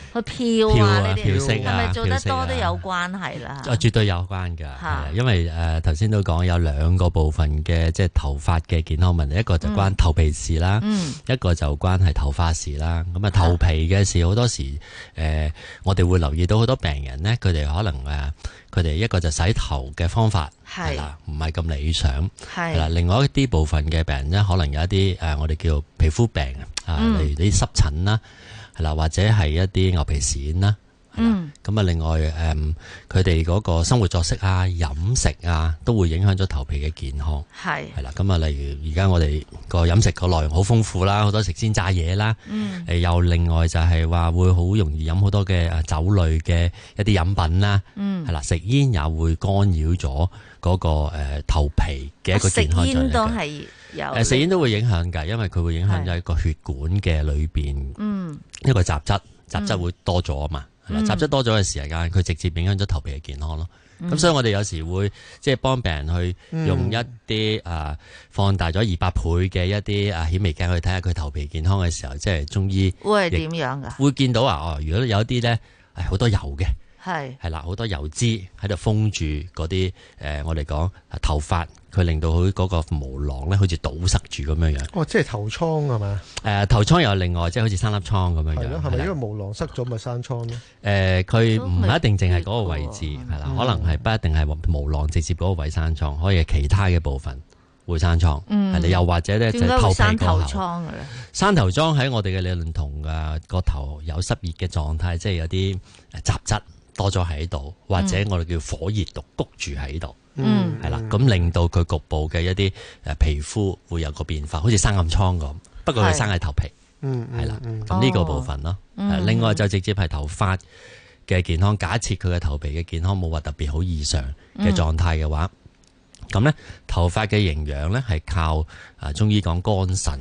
Speaker 2: 佢漂啊，性啊，你哋係咪、啊、做
Speaker 8: 得多都有關係啦？啊，絕對有關噶，因為誒，頭、呃、先都講有兩個部分嘅，即係頭髮嘅健康問題，一個就關頭皮事啦，一個就關係頭髮事啦。咁、嗯、啊、嗯，頭皮嘅事好多時誒、呃，我哋會留意到好多病人咧，佢哋可能誒，佢、呃、哋一個就洗頭嘅方法係啦，唔係咁理想係啦。另外一啲部分嘅病人咧，可能有一啲誒、呃，我哋叫皮膚病啊、呃，例如啲濕疹啦。嗯嗯係啦，或者係一啲牛皮癬啦，係啦。咁啊，另外誒，佢哋嗰個生活作息啊、飲食啊，都會影響咗頭皮嘅健康。係，係啦。咁啊，例如而家我哋個飲食個內容好豐富啦，好多食煎炸嘢啦。嗯。誒，又另外就係話會好容易飲好多嘅酒類嘅一啲飲品啦。嗯。係啦，食煙也會干擾咗嗰個誒頭皮嘅一個健康。啊，食煙
Speaker 2: 都係。誒，食
Speaker 8: 煙都會影響噶，因為佢會影響咗一個血管嘅裏邊，一個雜質，嗯、雜質會多咗啊嘛、嗯、係嘛。雜質多咗嘅時間，佢直接影響咗頭皮嘅健康咯。咁、嗯、所以我哋有時會即係幫病人去用一啲誒、嗯啊、放大咗二百倍嘅一啲啊顯微鏡去睇下佢頭皮健康嘅時候，即係中醫會點樣噶？會見到啊哦，如果有啲咧係好多油嘅。係係啦，好多油脂喺度封住嗰啲誒，我哋講頭髮，佢令到佢嗰個毛囊咧，好似堵塞住咁樣樣。
Speaker 6: 哦，即係頭瘡係嘛？
Speaker 8: 誒、呃，頭瘡又有另外，即係好似生粒瘡咁樣樣。係
Speaker 6: 咪因為毛囊塞咗咪生瘡咧？
Speaker 8: 誒、嗯，佢唔、呃、一定淨係嗰個位置，係啦，可能係不一定係毛囊直接嗰個位生瘡，可以係其他嘅部分會生瘡。嗯，係又或者咧就係頭生頭
Speaker 2: 瘡嘅山
Speaker 8: 生頭瘡喺我哋嘅理論同啊個頭有濕熱嘅狀態，即係有啲誒雜質。多咗喺度，或者我哋叫火熱毒谷、嗯、住喺度，係啦，咁令到佢局部嘅一啲誒皮膚會有個變化，好似生暗瘡咁。不過佢生喺頭皮，係啦，咁呢、嗯嗯、個部分咯、哦。另外就直接係頭髮嘅健康。嗯、假設佢嘅頭皮嘅健康冇話特別好異常嘅狀態嘅話，咁、嗯、咧頭髮嘅營養咧係靠誒中醫講肝腎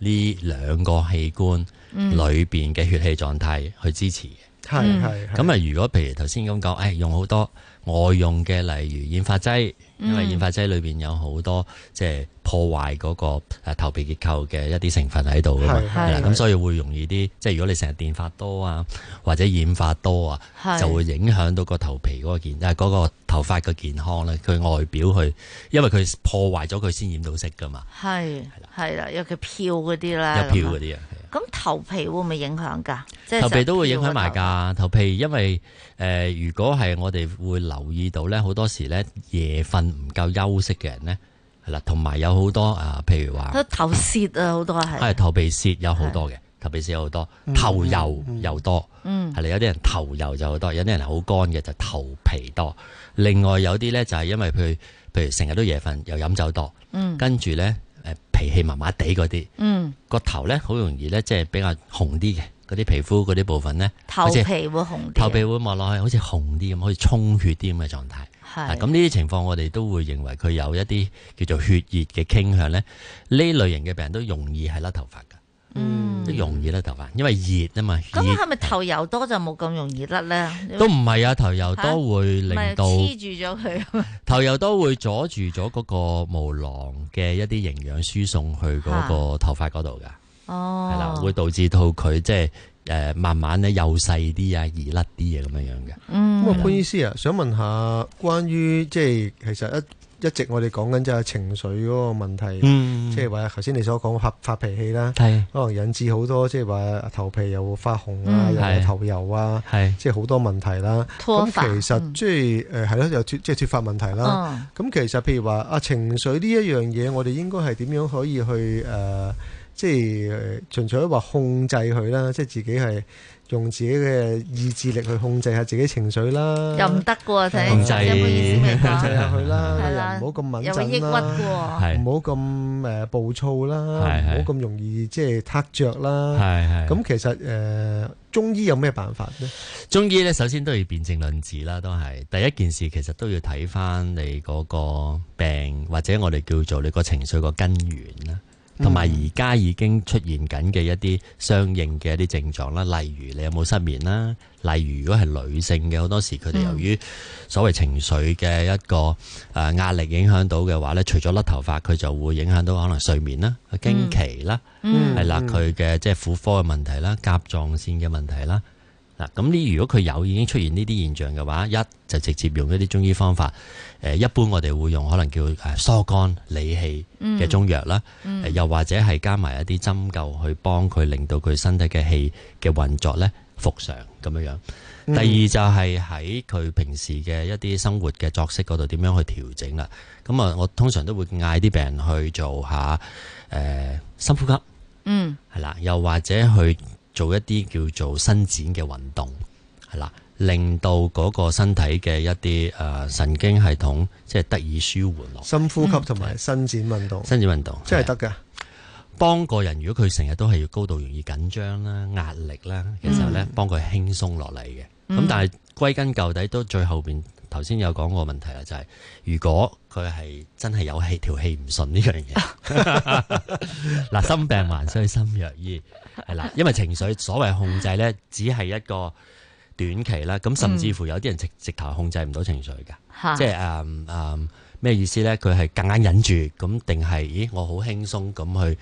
Speaker 8: 呢兩個器官裏邊嘅血氣狀態去支持。嗯係係咁啊！如果譬如頭先咁講，誒、哎、用好多外用嘅，例如染髮劑，嗯、因為染髮劑裏邊有好多即係、就是、破壞嗰、那個誒頭皮結構嘅一啲成分喺度嘅嘛，係啦，咁所以會容易啲。即係如果你成日電髮多啊，或者染髮多啊，就會影響到個頭皮嗰、那個健啊嗰個頭髮嘅健康咧。佢外表去，因為佢破壞咗佢先染到色噶嘛，
Speaker 2: 係係啦，尤其漂嗰啲啦，漂嗰啲啊。咁頭皮會唔會影響噶？
Speaker 8: 頭皮都會影響埋噶。頭皮，頭皮因為誒、呃，如果係我哋會留意到咧，好多時咧夜瞓唔夠休息嘅人咧，係啦，同埋有好多啊，譬如話
Speaker 2: 頭屑啊，好多係。係
Speaker 8: 頭皮屑有好多嘅，頭皮屑好多，頭油又多，係啦、嗯嗯。有啲人頭油就好多，有啲人好乾嘅就是、頭皮多。另外有啲咧就係因為佢，譬如成日都夜瞓又飲酒多，跟住咧。誒，脾氣麻麻地嗰啲，個頭咧好容易咧，即係比較紅啲嘅，嗰啲皮膚嗰啲部分咧，頭皮會紅一點，頭皮會望落去好似紅啲咁，好似充血啲咁嘅狀態。係，咁呢啲情況我哋都會認為佢有一啲叫做血熱嘅傾向咧，呢類型嘅病人都容易係甩頭髮。嗯，都容易甩頭髮，因為熱啊嘛。咁係咪
Speaker 2: 頭油多就冇咁容易甩咧？都唔
Speaker 8: 係啊，頭油多會令到黐、啊、住
Speaker 2: 咗佢。
Speaker 8: 頭油多會阻住咗嗰個毛囊嘅一啲營養輸送去嗰個頭髮嗰度噶。哦、啊，係啦，
Speaker 1: 會
Speaker 8: 導致到佢即係誒慢慢咧幼細啲啊，易甩啲啊咁樣樣嘅。嗯，咁啊潘醫師啊，想問下
Speaker 6: 關於即係其實一。一直我哋講緊就係情緒嗰個問題，嗯、即係話頭先你所講發發脾氣啦，是可能引致好多即係話頭皮又發紅啊，嗯、又頭油啊，是即係好多問題啦。咁是其實、就是嗯嗯、即係誒係咯，有脫即係脫髮問題啦。咁、嗯、其實譬如話阿情緒呢一樣嘢，我哋應該係點樣可以去誒、呃，即係純粹話控制佢啦，即係自己係。用自己嘅意志力去控制下自己情緒啦，又唔得喎，睇下控制下佢啦，又唔好咁敏感啦，唔好咁誒暴躁啦，唔好咁容易即係撻著啦。咁其實誒中醫有咩辦法咧？
Speaker 8: 中醫咧，首先都要辨證論治啦，都係第一件事，其實都要睇翻你嗰個病或者我哋叫做你個情緒個根源啦。同埋而家已經出現緊嘅一啲相應嘅一啲症狀啦，例如你有冇失眠啦？例如如果係女性嘅，好多時佢哋由於所謂情緒嘅一個誒壓力影響到嘅話呢，除咗甩頭髮，佢就會影響到可能睡眠啦、經期啦，係啦佢嘅即係婦科嘅問題啦、甲狀腺嘅問題啦。嗱，咁呢？如果佢有已經出現呢啲現象嘅話，一就直接用一啲中醫方法，誒，一般我哋會用可能叫疏肝理氣嘅中藥啦、嗯嗯，又或者係加埋一啲針灸去幫佢令到佢身體嘅氣嘅運作呢復常咁樣樣。第二就係喺佢平時嘅一啲生活嘅作息嗰度點樣去調整啦。咁啊，我通常都會嗌啲病人去做下誒、呃、深呼吸，
Speaker 4: 嗯，
Speaker 8: 係啦，又或者去，做一啲叫做伸展嘅運動，係啦，令到嗰個身體嘅一啲誒、呃、神經系統，即係得以舒緩落。深呼吸同埋伸展運動，嗯，伸展運動真係得㗎。幫個人如果佢成日都係要高度容易緊張啦、壓力啦，嘅時候咧，幫佢輕鬆落嚟嘅。咁、嗯、但係歸根究底都最後邊，頭先有講過問題啦，就係、是、如果佢係真係有氣，條氣唔順呢樣嘢。嗱， 心病還需心藥醫。係啦，因為情緒所謂控制呢，只係一個短期啦。咁甚至乎有啲人直直頭控制唔到情緒噶，即係誒誒，咩意思呢？佢係更加忍住，咁定係？咦，我好輕鬆咁去。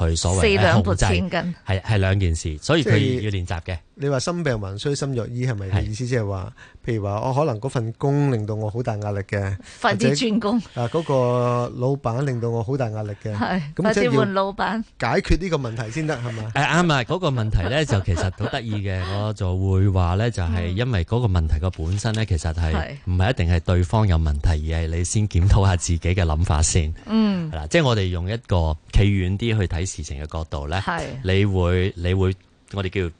Speaker 8: 佢所謂嘅控制係係兩,兩,兩件事，所以佢要練習嘅。
Speaker 6: 你話心病還須心藥醫係咪意思？即係話，譬如話我可能嗰份工令到我好大壓力嘅，或者轉工啊嗰個老闆令到我好大壓力嘅，
Speaker 2: 咁即係要
Speaker 6: 解決呢個問題先得，係咪？
Speaker 8: 誒啱啦，嗰、啊嗰個問題咧就其實好得意嘅， 我就會話咧就係因為嗰個問題個本身咧其實係唔係一定係對方有問題，而係你先檢討下自己嘅諗法先。嗯，嗱，即係我哋用一個企遠啲去睇。事情嘅角度咧，你會你會我哋叫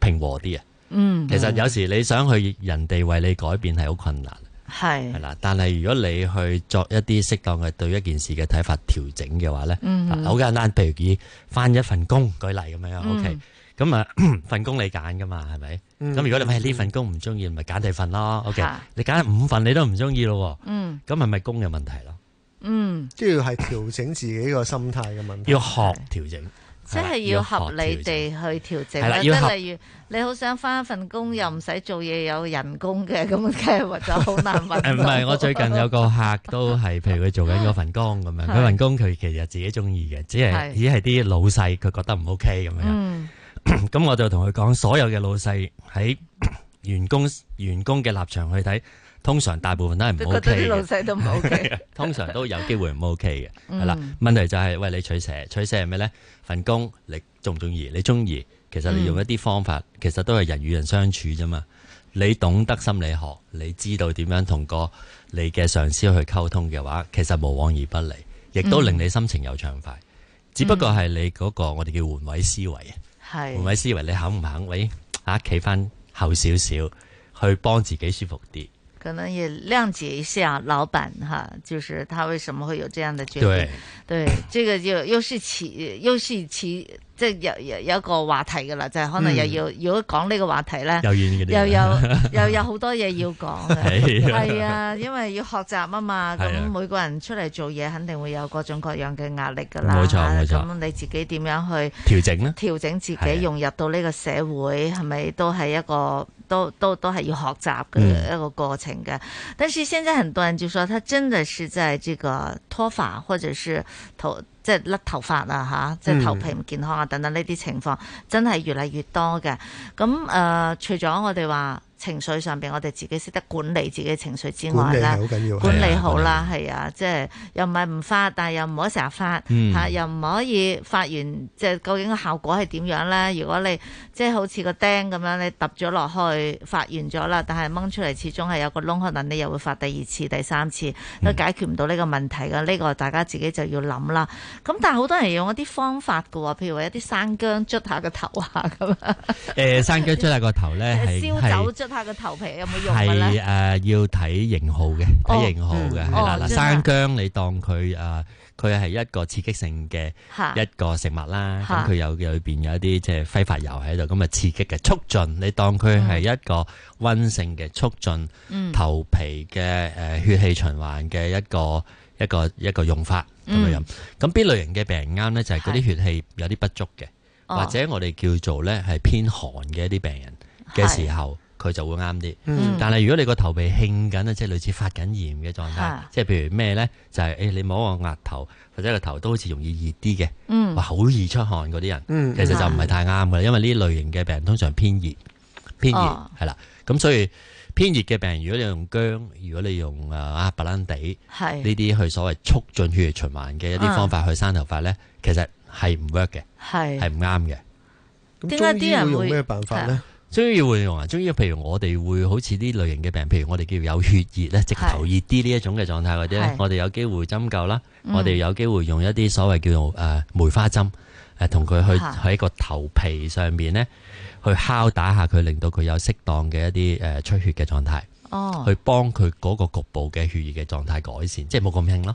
Speaker 8: 平和啲啊。嗯，
Speaker 2: 其實有時
Speaker 8: 你想去人哋為你改變係好困難。係係啦，但係如果你去做一啲適當嘅對一件事嘅睇法調整嘅話咧，好簡單。譬、啊、如以翻一份工舉例咁樣、嗯、，OK。咁啊，份工你揀噶嘛，係咪？咁、嗯、如果你唔係呢份工唔中意，咪揀第份咯。OK。你揀五份你都唔中意咯。嗯。咁係咪工嘅問題咯？
Speaker 6: 嗯，都要係調整自己個心
Speaker 8: 態嘅問題，要學調整，即係要合理
Speaker 2: 地去調整啦。整例如你好想返一份工，又唔使做嘢，有人工嘅咁，梗係搵咗好難搵。唔係、 哎，我最近有
Speaker 8: 個客都係，譬如佢做緊嗰份工咁樣，佢份工佢其實自己中意嘅，只係只係啲老細佢覺得唔 OK 咁樣。咁 我就同佢講，所有嘅老細喺員工員工嘅立場去睇。通常大部分都係唔 OK，老細都唔 OK，通常都有機會唔 OK 嘅，係 啦、嗯。問題就係、是、喂，你取捨，取捨係咩咧？份工你中唔中意？你中意，其實你用一啲方法，嗯、其實都係人與人相處啫嘛。你懂得心理學，你知道點樣同個你嘅上司去溝通嘅話，其實無往而不利，亦都令你心情有暢快。嗯、只不過係你嗰、那個我哋叫換位思維
Speaker 4: 啊，
Speaker 2: 換位
Speaker 8: 思維你肯唔肯？你啊企翻後少少，去幫自己舒服啲。
Speaker 2: 可能要諒解一下老闆哈、啊，就是他為什麼會有這樣的決定？對，對，這個就又是其又是其即有有有一個話題噶啦，就係、是、可能、嗯、又要如果講呢個話題咧，又又又有好 多嘢要講嘅，係 啊，啊，因為要學習啊嘛，咁每個人出嚟做嘢肯定會有各種各樣嘅壓力噶啦，冇錯冇錯，咁你自己點樣去調整咧、啊？調整自己、啊、融入到呢個社會，係咪都係一個？都都都係要學習嘅一個過程嘅、嗯，但是現在很多人就說，他真的是在這個脫髮，或者是頭即係甩頭髮啊吓，即、啊、係、就是、頭皮唔健康啊等等呢啲情況，真係越嚟越多嘅。咁誒，除、呃、咗我哋話。情緒上邊，我哋自己識得管理自己情緒之外咧，
Speaker 6: 管理好
Speaker 2: 啦，係啊，即係、就是、又唔係唔發，但係又唔可以成日發嚇、嗯啊、又唔可以發完，即、就、係、是、究竟個效果係點樣咧？如果你即係、就是、好似個釘咁樣，你揼咗落去發完咗啦，但係掹出嚟始終係有個窿，可能你又會發第二次、第三次都解決唔到呢個問題噶。呢、嗯呢個大家自己就要諗啦。咁但係好多人用一啲方法噶喎，譬如話一啲生薑捽下個頭啊咁。
Speaker 8: 誒，生薑捽下個頭咧
Speaker 2: 睇個頭皮有冇用
Speaker 8: 嘅咧？係誒，要睇型號嘅，睇型號嘅。嗱嗱，生薑你當佢誒，佢係一個刺激性嘅一個食物啦。咁佢有裏邊有一啲即係揮發油喺度，咁啊刺激嘅，促進你當佢係一個溫性嘅，促進頭皮嘅誒血氣循環嘅一個一個一個用法咁樣。咁邊類型嘅病人啱咧，就係嗰啲血氣有啲不足嘅，或者我哋叫做咧係偏寒嘅一啲病人嘅時候。佢就會啱啲，但係如果你個頭皮興緊咧，即係類似發緊炎嘅狀態，即係、啊、譬如咩呢？就係、是、誒、哎、你摸我額頭或者個頭都好似容易熱啲嘅，好、嗯、易出汗嗰啲人、嗯，其實就唔係太啱嘅、啊，因為呢類型嘅病人通常偏熱，偏熱係啦，咁、哦、所以偏熱嘅病人，如果你用薑，如果你用誒啊白蘭地呢啲去所謂促進血液循環嘅一啲方法去生頭髮呢、啊，其實係唔 work 嘅，係唔啱嘅。
Speaker 2: 點解啲人會用咩辦法咧？
Speaker 8: 中醫會用啊！中醫譬如我哋會好似啲類型嘅病，譬如我哋叫有血熱咧，直頭熱啲呢一種嘅狀態或者我哋有機會針灸啦，我哋有機會,、嗯、會用一啲所謂叫做梅花針，同佢去喺個頭皮上面咧去敲打下佢，令到佢有適當嘅一啲出血嘅狀態，去幫佢嗰個局部嘅血液嘅狀態改善，即係冇咁輕咯。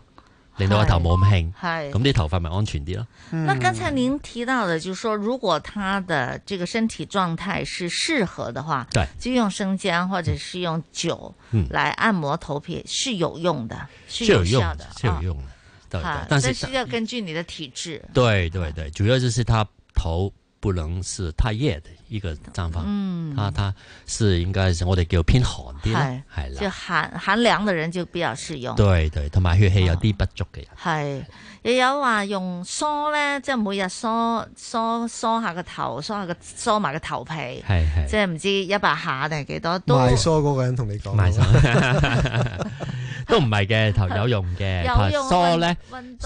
Speaker 8: 你個頭冇咁輕，係咁啲頭髮咪安全啲咯。
Speaker 2: 那剛才您提到的，就是說如果他的這個身體狀態是適合的話，對，就用生薑或者是用酒來按摩頭皮、嗯、是有用的，是有效的，是有效的，哦對對對。但是需要根據你的體質。
Speaker 8: 對對對，主要就是他頭。不能是太熱的一個臟法，嗯，啊，他是應該是我哋叫偏寒啲是啦，就
Speaker 2: 寒寒涼嘅人就比較適用，
Speaker 8: 對，對對，同埋血氣有啲不足嘅人，
Speaker 2: 係又、哦、有話用梳咧，即係每日梳梳梳，梳下個頭，梳下個梳埋個頭皮，係係，即係唔知一百下定係幾多都，賣
Speaker 6: 梳嗰個人同
Speaker 8: 你講。梳 都唔係嘅，頭有用嘅，拍梳咧，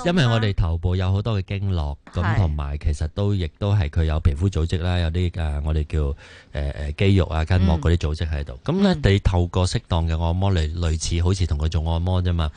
Speaker 8: 因為我哋頭部有好多嘅經絡，咁同埋其實都亦都係佢有皮膚組織啦，有啲誒、呃、我哋叫誒誒、呃、肌肉啊筋膜嗰啲組織喺度，咁、嗯、咧你透過適當嘅按摩嚟，類似好似同佢做按摩啫嘛，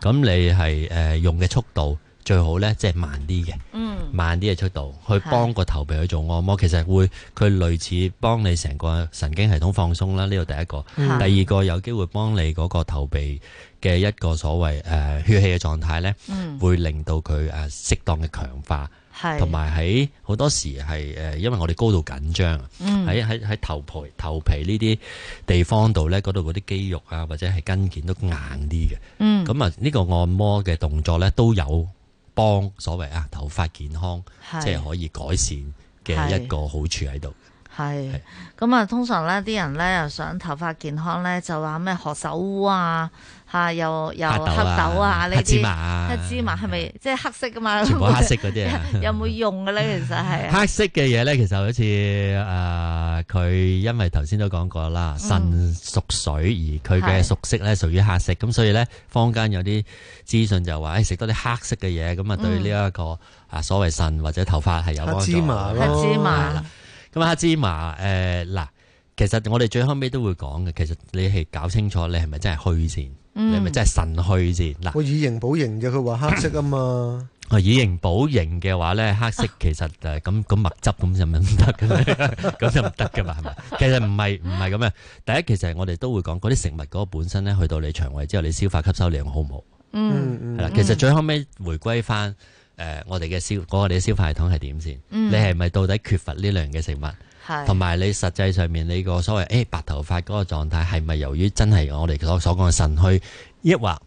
Speaker 8: 咁你係誒、呃、用嘅速度最好咧即係慢啲嘅、嗯，慢啲嘅速度去幫個頭皮去做按摩，其實會佢類似幫你成個神經系統放鬆啦，呢個第一個，第二個有機會幫你嗰個頭皮。嘅一個所謂誒、呃、血氣嘅狀態咧、嗯，會令到佢誒、呃、適當嘅強化，同埋喺好多時係誒、呃，因為我哋高度緊張啊，喺喺喺頭皮頭皮呢啲地方度咧，嗰度嗰啲肌肉啊或者係筋腱都硬啲嘅。咁、嗯、啊，呢個按摩嘅動作咧都有幫所謂啊頭髮健康，即係、就是、可以改善嘅一個好處喺度。
Speaker 2: 係咁啊，通常咧啲人咧又想頭髮健康咧，就話咩何首烏啊？吓、啊、又又黑豆啊，呢啲黑芝麻，黑芝麻係咪即係黑色噶嘛？
Speaker 8: 全部黑色嗰啲有
Speaker 2: 冇用嘅咧？ 其
Speaker 8: 實係 黑色嘅嘢咧，其實好似誒，佢、啊、因為頭先都講過啦，腎屬水，嗯、而佢嘅屬色咧屬於黑色，咁所以咧坊間有啲資訊就話誒食多啲黑色嘅嘢，咁、嗯、這個、啊對呢一個啊所謂腎或者頭髮係有幫助。黑芝麻咯黑芝麻，咁、啊、黑芝麻誒嗱、啊，其實我哋最，最後尾都會講嘅，其實你係搞清楚你係咪真係虛先。你咪真係腎虛先，嗱，我
Speaker 6: 以形補形嘅佢話黑色啊嘛，
Speaker 8: 啊以形補形嘅話咧黑色其實誒咁咁墨汁咁就咩唔得嘅啦，咁就唔得噶嘛係咪？其實唔係唔係咁嘅，第一其實係我哋都會講嗰啲食物嗰個本身咧，去到你腸胃之後，你消化吸收良好冇，嗯嗯，係啦，其實最後尾回歸翻誒我哋嘅消嗰個你嘅消化系統係點先？你係咪到底缺乏呢類型嘅食物？同埋你實際上面你個所謂誒白頭髮嗰個狀態，係咪由於真係我哋所所講嘅腎虛，抑或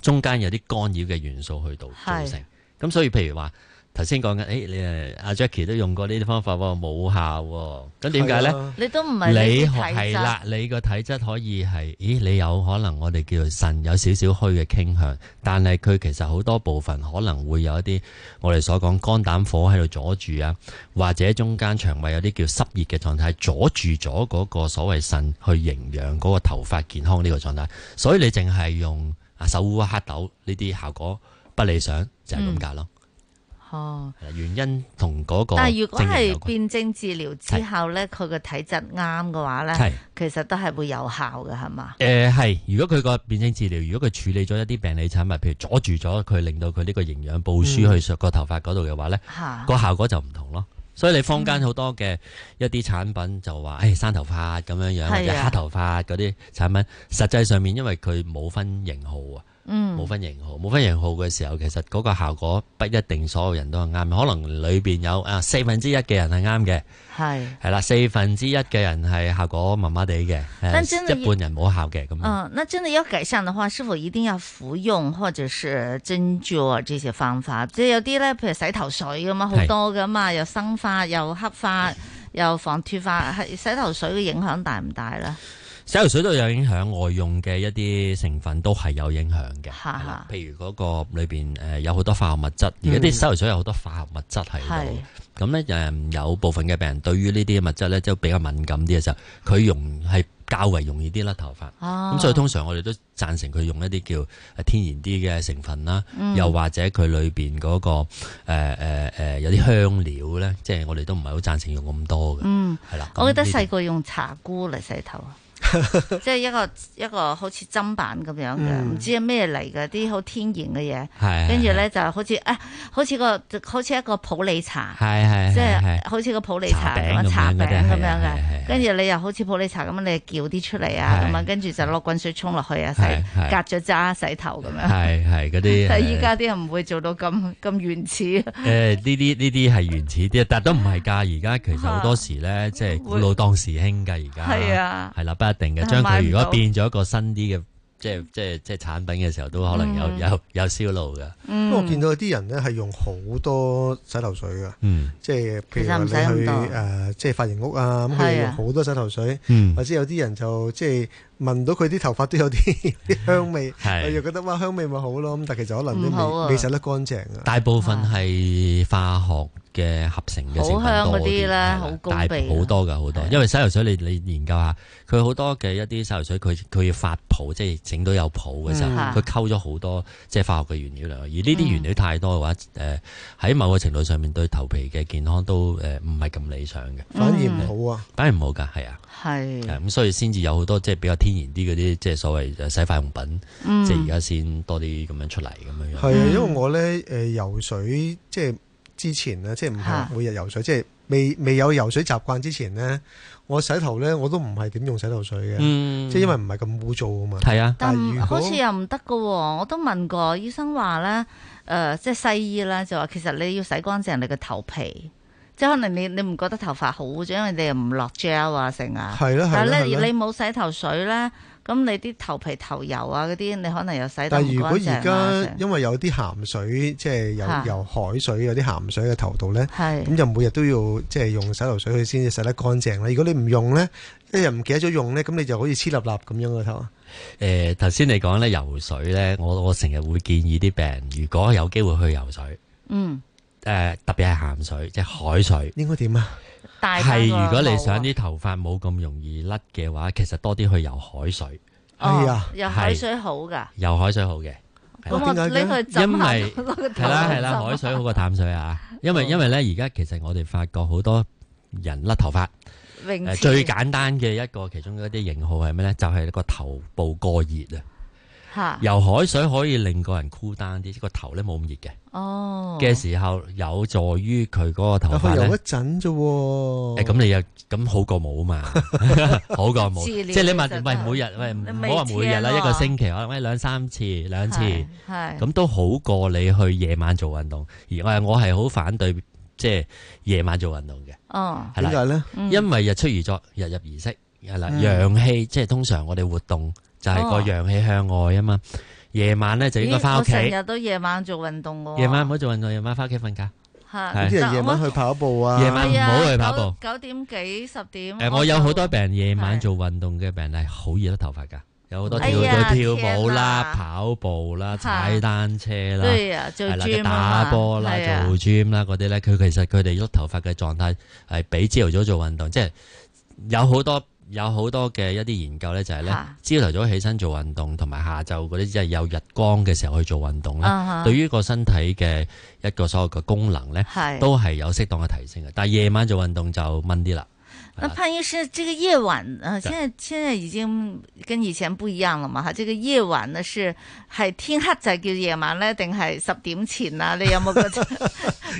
Speaker 8: 中間有啲干擾嘅元素去到造成？咁是所以譬如話。頭先講緊，誒、哎，你阿、啊、Jackie 都用過呢啲方法、哦，冇效、哦，咁點解呢？你都唔係你係啦，你個體，體質可以係，咦，你有可能我哋叫做腎有少少虛嘅傾向，但係佢其實好多部分可能會有一啲我哋所講肝膽火喺度阻住啊，或者中間腸胃有啲叫濕熱嘅狀態，阻住咗嗰個所謂腎去營養嗰個頭髮健康呢個狀態，所以你淨係用啊首烏黑豆呢啲效果不理想，就係咁解咯。哦，原因同嗰個，但係如果係
Speaker 2: 辨證治療之後咧，佢個體質啱嘅話咧，其實都係會有效嘅，係嘛？
Speaker 8: 誒、呃，係，如果佢個辨證治療，如果佢處理咗一啲病理產物，譬如阻住咗佢，令到佢呢個營養布輸去削個頭髮嗰度嘅話咧，嗯，那個效果就唔同咯。所以你坊間好多嘅一啲產品就話誒、哎、生頭髮咁樣樣，或者黑頭髮嗰啲產品，實際上面因為佢冇分型號啊。嗯，冇分型號，冇分型號嘅時候，其實嗰個效果不一定所有人都係啱，可能裏邊有啊四分之一嘅人係啱嘅，係係啦，四分之一嘅人係效果麻麻地嘅，但真係一半人冇效嘅咁樣。
Speaker 2: 嗯，那真係要改善嘅話，是否一定要服用或者是針灸呢些方法？即係有啲咧，譬如洗頭水咁啊，好多噶嘛，又生髮又黑髮又防脫髮，係洗頭水嘅影響大唔大咧？
Speaker 8: 洗頭水都有影響，外用嘅一啲成分都係有影響嘅。譬如嗰個裏邊誒有好多化學物質，嗯，而家啲洗頭水有好多化學物質喺度。咁咧，誒有部分嘅病人對於呢啲物質咧，即比較敏感啲嘅時候，佢容係較為容易啲甩頭髮。
Speaker 4: 咁，啊，所以通
Speaker 8: 常我哋都贊成佢用一啲叫天然啲嘅成分啦，嗯，又或者佢裏邊嗰，那個誒誒誒有啲香料咧，即，就，係，是，我哋都唔係好贊成用咁多嘅。係，嗯，啦。我覺得細
Speaker 2: 個用茶菇嚟洗頭啊。即係一個一個好似砧板咁樣嘅，唔知係咩嚟嘅啲好天然嘅嘢，跟住咧就好似誒，好似個好似一個普洱茶，
Speaker 8: 即係好
Speaker 2: 似個普洱茶茶餅咁樣嘅，跟住你又好似普洱茶咁樣你叫啲出嚟啊，同埋跟住就攞滾水沖落去啊，洗隔咗渣洗頭咁樣。
Speaker 8: 係係嗰啲，依家
Speaker 2: 啲人唔會做到咁咁原始。
Speaker 8: 呢啲呢啲係原始啲，但都唔係噶。而家其實好多時咧，即係古老當時興噶，而家係啦，一定嘅，將佢如果變咗一個新啲嘅，即係即係即係產品嘅時候，都可能有、嗯、有有銷路㗎。不過
Speaker 4: 我
Speaker 6: 見到有啲人咧係用好多洗頭水㗎、嗯，即係譬如話你去誒、呃，即係髮型屋啊，咁佢用好多洗頭水，嗯、或者有啲人就即係聞到佢啲頭髮都有啲啲香味，佢又覺得哇香味咪好咯，咁但其實可能都未、啊、未洗得乾淨
Speaker 8: 啊。大部分係化學。嘅合成嘅成分多啲，
Speaker 6: 大好
Speaker 8: 多噶好多，因為洗頭水你你研究下，佢好多嘅一啲洗頭水，佢佢要發泡，即係整到有泡嘅、嗯、時候，佢溝咗好多即係化學嘅原料嚟。而呢啲原料太多嘅話，誒喺、呃、某個程度上面對頭皮嘅健康都誒唔係咁理想嘅、啊，反而唔好啊，反而唔好噶，係啊的，
Speaker 2: 係，咁
Speaker 8: 所以先至有好多即係比較天然啲嗰啲，即係所謂洗髮用品，嗯、即係而家先多啲咁樣出嚟咁樣樣。係啊、嗯，因
Speaker 6: 為我咧誒游水即係。呃呃呃之前咧，即係唔係每日游水，啊、即係未未有游水習慣之前咧，我洗頭咧，我都唔係點用洗頭水嘅，嗯、即係因為唔係咁污糟啊嘛。係啊，但，但好似又
Speaker 2: 唔得噶，我都問過醫生話咧，誒、呃，即係西醫啦，就話其實你要洗乾淨人哋嘅頭皮，即係可能你你唔覺得頭髮好污，因為你又唔落 gel 啊，
Speaker 6: 成啊。係咯係但係你咧，啊啊、你
Speaker 2: 冇洗頭水咧。咁你啲頭皮頭油啊嗰啲，你可能又洗得，但係如果而家
Speaker 6: 因為有啲鹹水，即係有有海水有啲鹹水嘅頭度咧，咁就每日都要即係用洗頭水去先至洗得乾淨啦，如果你唔用咧，一日唔記得咗用咧，咁你就好似黐立立咁樣個頭。
Speaker 8: 誒、呃，頭先你講咧游水咧，我我成日會建議啲病人，如果有機會去游水，嗯，誒、呃，特別係鹹水即係海水，應該點啊？係，如果你想啲頭髮冇咁容易甩嘅話，其實多啲去游海水。係啊，游海水好噶。游海水好嘅。
Speaker 2: 咁我拎去浸下。點解？係啦係啦，海
Speaker 8: 水好過淡水啊！因為因為咧，而家其實我哋發覺好多人甩頭髮。泳池。最簡單嘅一個其中一啲型號係咩咧？就係個頭部過熱啊。
Speaker 4: 吓。游
Speaker 8: 海水可以令個人 cool down 啲，個頭咧冇咁熱嘅。哦，嘅時候有助於佢嗰個頭髮咧，去游一
Speaker 6: 陣啫。誒，咁你
Speaker 8: 又咁好過冇嘛？好過冇，即係你問，喂，每日喂，唔好話每日啦，一個星期可唔可以兩三次，兩次，係咁都好過你去夜晚做運動。而我係我係好反對即係夜晚做運動嘅。
Speaker 2: 哦，係啦，因為呢，
Speaker 8: 因為日出而作，日入而息，係啦，陽氣即係通常我哋活動就係個陽氣向外啊嘛。夜晚咧就應該翻屋企。我成日
Speaker 2: 都夜晚做運動嘅。夜晚唔
Speaker 8: 好做運動，夜晚翻屋企瞓覺。係。我夜晚
Speaker 6: 去跑步啊。夜
Speaker 8: 晚唔好去跑步。啊、九,
Speaker 4: 九點幾、十點。
Speaker 2: 誒、呃，我有
Speaker 8: 好多病人夜晚做運動嘅病人係好易甩頭髮噶，有好多跳到、哎、跳舞啦、啊、跑步啦、踩、啊、單車啦，係啊、啊、啊，打波啦、啊、做 gym 啦嗰啲咧，佢、啊啊、其實佢哋甩頭髮嘅狀態係比朝頭早做運動，即係有好多。有好多嘅一啲研究咧、啊，就係咧朝頭早起身做運動同埋下晝嗰啲即係有日光嘅時候去做運動咧、啊，對於個身體嘅一個所有嘅功能咧、嗯，係都係有適當嘅提升嘅。但係夜晚做運動就文啲啦。
Speaker 2: 那潘醫師，這個夜晚，嗯，現在現在已經跟以前不一樣了嘛？哈，這個夜晚呢，是係天黑就叫夜晚，咧定係十點前啊？你有冇覺得？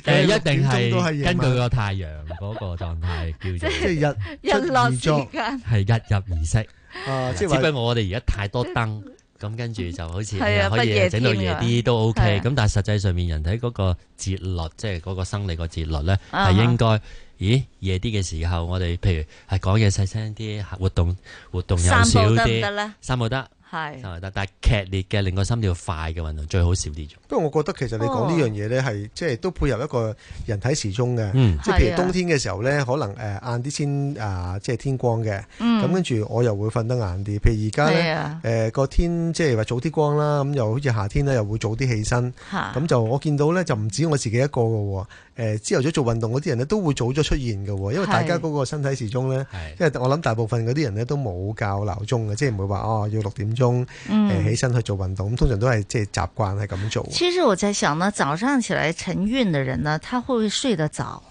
Speaker 2: 誒，一
Speaker 8: 定係根據個太陽嗰個狀態，叫做即係日日落之間係日入而息。啊，只不過我哋而家太多燈，咁跟住就好似可以整到夜啲都 OK。咁但係實際上面人體嗰個節律，即係嗰個生理個節律咧，係應該。咦，夜啲嘅時候，我哋譬如係講嘢細聲啲，活動活動又少啲。散步得唔散步得？
Speaker 6: 係
Speaker 2: 散
Speaker 8: 步得。但係劇烈嘅，令個心跳快嘅運動最好少啲做。
Speaker 6: 不過我覺得其實你講呢樣嘢咧，係、哦、即係都配合一個人體時鐘嘅。即係、嗯嗯、譬如冬天嘅時候咧，可能誒晏啲先啊，即係天光嘅。咁跟住我又會瞓得晏啲。譬如而家咧，誒個天即係話早啲光啦，咁又好似夏天咧，又會早啲起身。咁就我見到咧，就唔止我自己一個噶。誒、呃、之後咗做運動嗰啲人咧都會早咗出現嘅。因為大家嗰個身體時鐘咧，即係我諗大部分嗰啲人咧都冇較鬧鐘嘅，即係唔會話哦要六點鐘誒起身去做運動，咁、嗯、通常都係即係習慣係咁做。其
Speaker 2: 實我在想呢，早上起來晨運的人呢，他會唔會睡得早？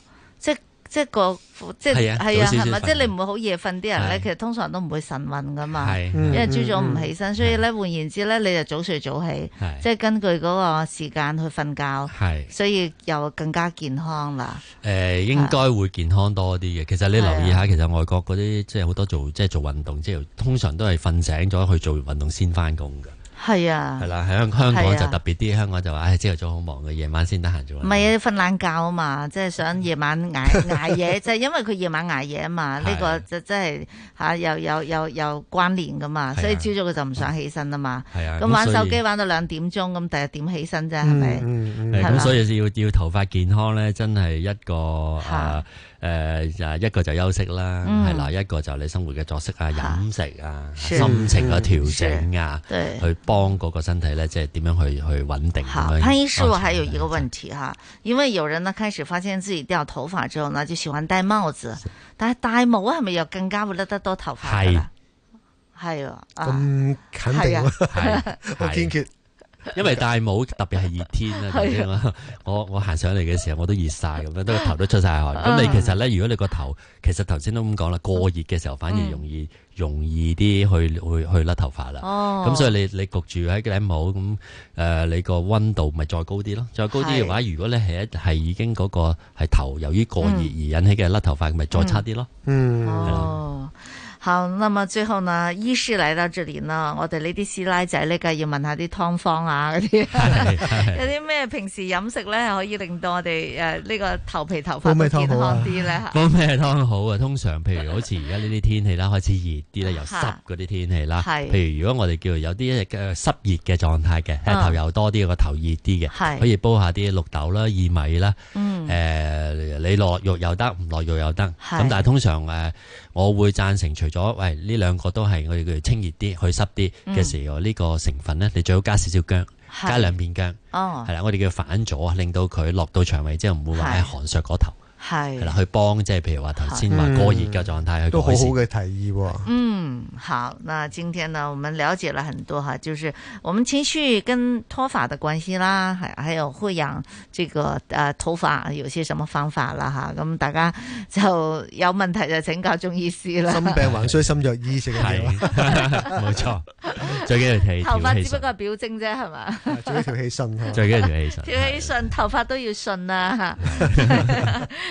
Speaker 2: 即係即係係啊嘛？即係你唔會好夜瞓啲人咧，其實通常都唔會晨運噶嘛，因為朝早唔起身，所以咧換言之咧，你就早睡早起，即係根據嗰個時間去瞓覺，所以又更加健康啦。
Speaker 8: 誒、呃，應該會健康多啲嘅。其實你留意下，其實外國嗰啲即係好多做即係做運動，即係通常都係瞓醒咗去做運動先翻工㗎。係啊，係啦、啊，喺香港就特別啲、啊，香港就話：唉、哎，朝頭早好忙嘅，夜晚先得閒啫。
Speaker 2: 唔係啊，瞓懶覺啊嘛，即、就、係、是、想夜晚捱捱夜，即 係因為佢夜晚捱夜啊嘛，呢、啊這個就真係嚇又有有又關聯㗎嘛、啊，所以朝早佢就唔想起身啊嘛。啊，咁、啊、玩手機玩到兩點鐘，咁第二點起身啫，係、嗯、咪？
Speaker 8: 咁、啊、所以要要頭髮健康咧，真係一個啊。誒、呃、就一個就休息啦，係、嗯、啦，一個就你生活嘅作息啊、飲食啊、心情嘅調整啊，對去幫嗰個身體咧，即係點樣去去穩定。下潘醫師，我、哦、還
Speaker 2: 有一個問題吓，因為有人呢開始發現自己掉頭髮之後呢，就喜歡戴帽子，但係戴帽係咪又更加會甩得多頭髮啊？係係喎，咁肯定好堅決。 是
Speaker 8: 是 因為戴帽特別係熱天啊，我我行上嚟嘅時候我都熱晒咁樣，都個頭都出晒汗。咁你其實咧，如果你個頭，其實頭先都咁講啦，過熱嘅時候反而容易容易啲去去去甩頭髮啦。咁所以你你焗住喺頂帽咁，誒你個溫度咪再高啲咯？再高啲嘅話，如果你係一係已經嗰個係頭由於過熱而引起嘅甩頭髮，咪再差啲咯。嗯。
Speaker 2: 好，咁啊，最後呢，醫師嚟到，就年啦，我哋呢啲師奶仔呢，梗係要問下啲湯方啊，嗰啲有啲咩平時飲食咧，可以令到我哋誒呢個頭皮頭髮健康啲咧？煲
Speaker 8: 咩湯好啊？通常譬如好似而家呢啲天氣啦，開始熱啲啦，又濕嗰啲天氣啦，譬如如果我哋叫有啲誒濕熱嘅狀態嘅，頭油多啲，個頭熱啲嘅，可以煲下啲綠豆啦、薏米啦，誒，你落肉又得，唔落肉又得，咁但係通常誒。我會贊成除咗喂呢兩個都係我哋叫佢清熱啲、去濕啲嘅時候呢，嗯，個成分咧，你最好加少少薑，加兩片薑，係，哦，啦，我哋叫反佐啊，令到佢落到腸胃之後唔會話喺寒削嗰頭。係啦，去幫即係，譬如話頭先話過熱嘅狀態去改善、嗯、都好好嘅提議。嗯，
Speaker 2: 好，那今天呢，我們了解了很多吓，就是我們情緒跟脫髮的關係啦，還還有護養這個啊頭髮有些什麼方法啦吓，咁、啊、大家就有問題就請教中醫師啦。心病
Speaker 6: 還需心藥醫食係，冇錯。 沒錯 最緊要條氣。頭髮只不
Speaker 2: 過係表徵啫，係嘛、 啊？最緊要
Speaker 6: 條氣順。 最緊要條氣
Speaker 2: 順。條氣順，頭髮都要順啊！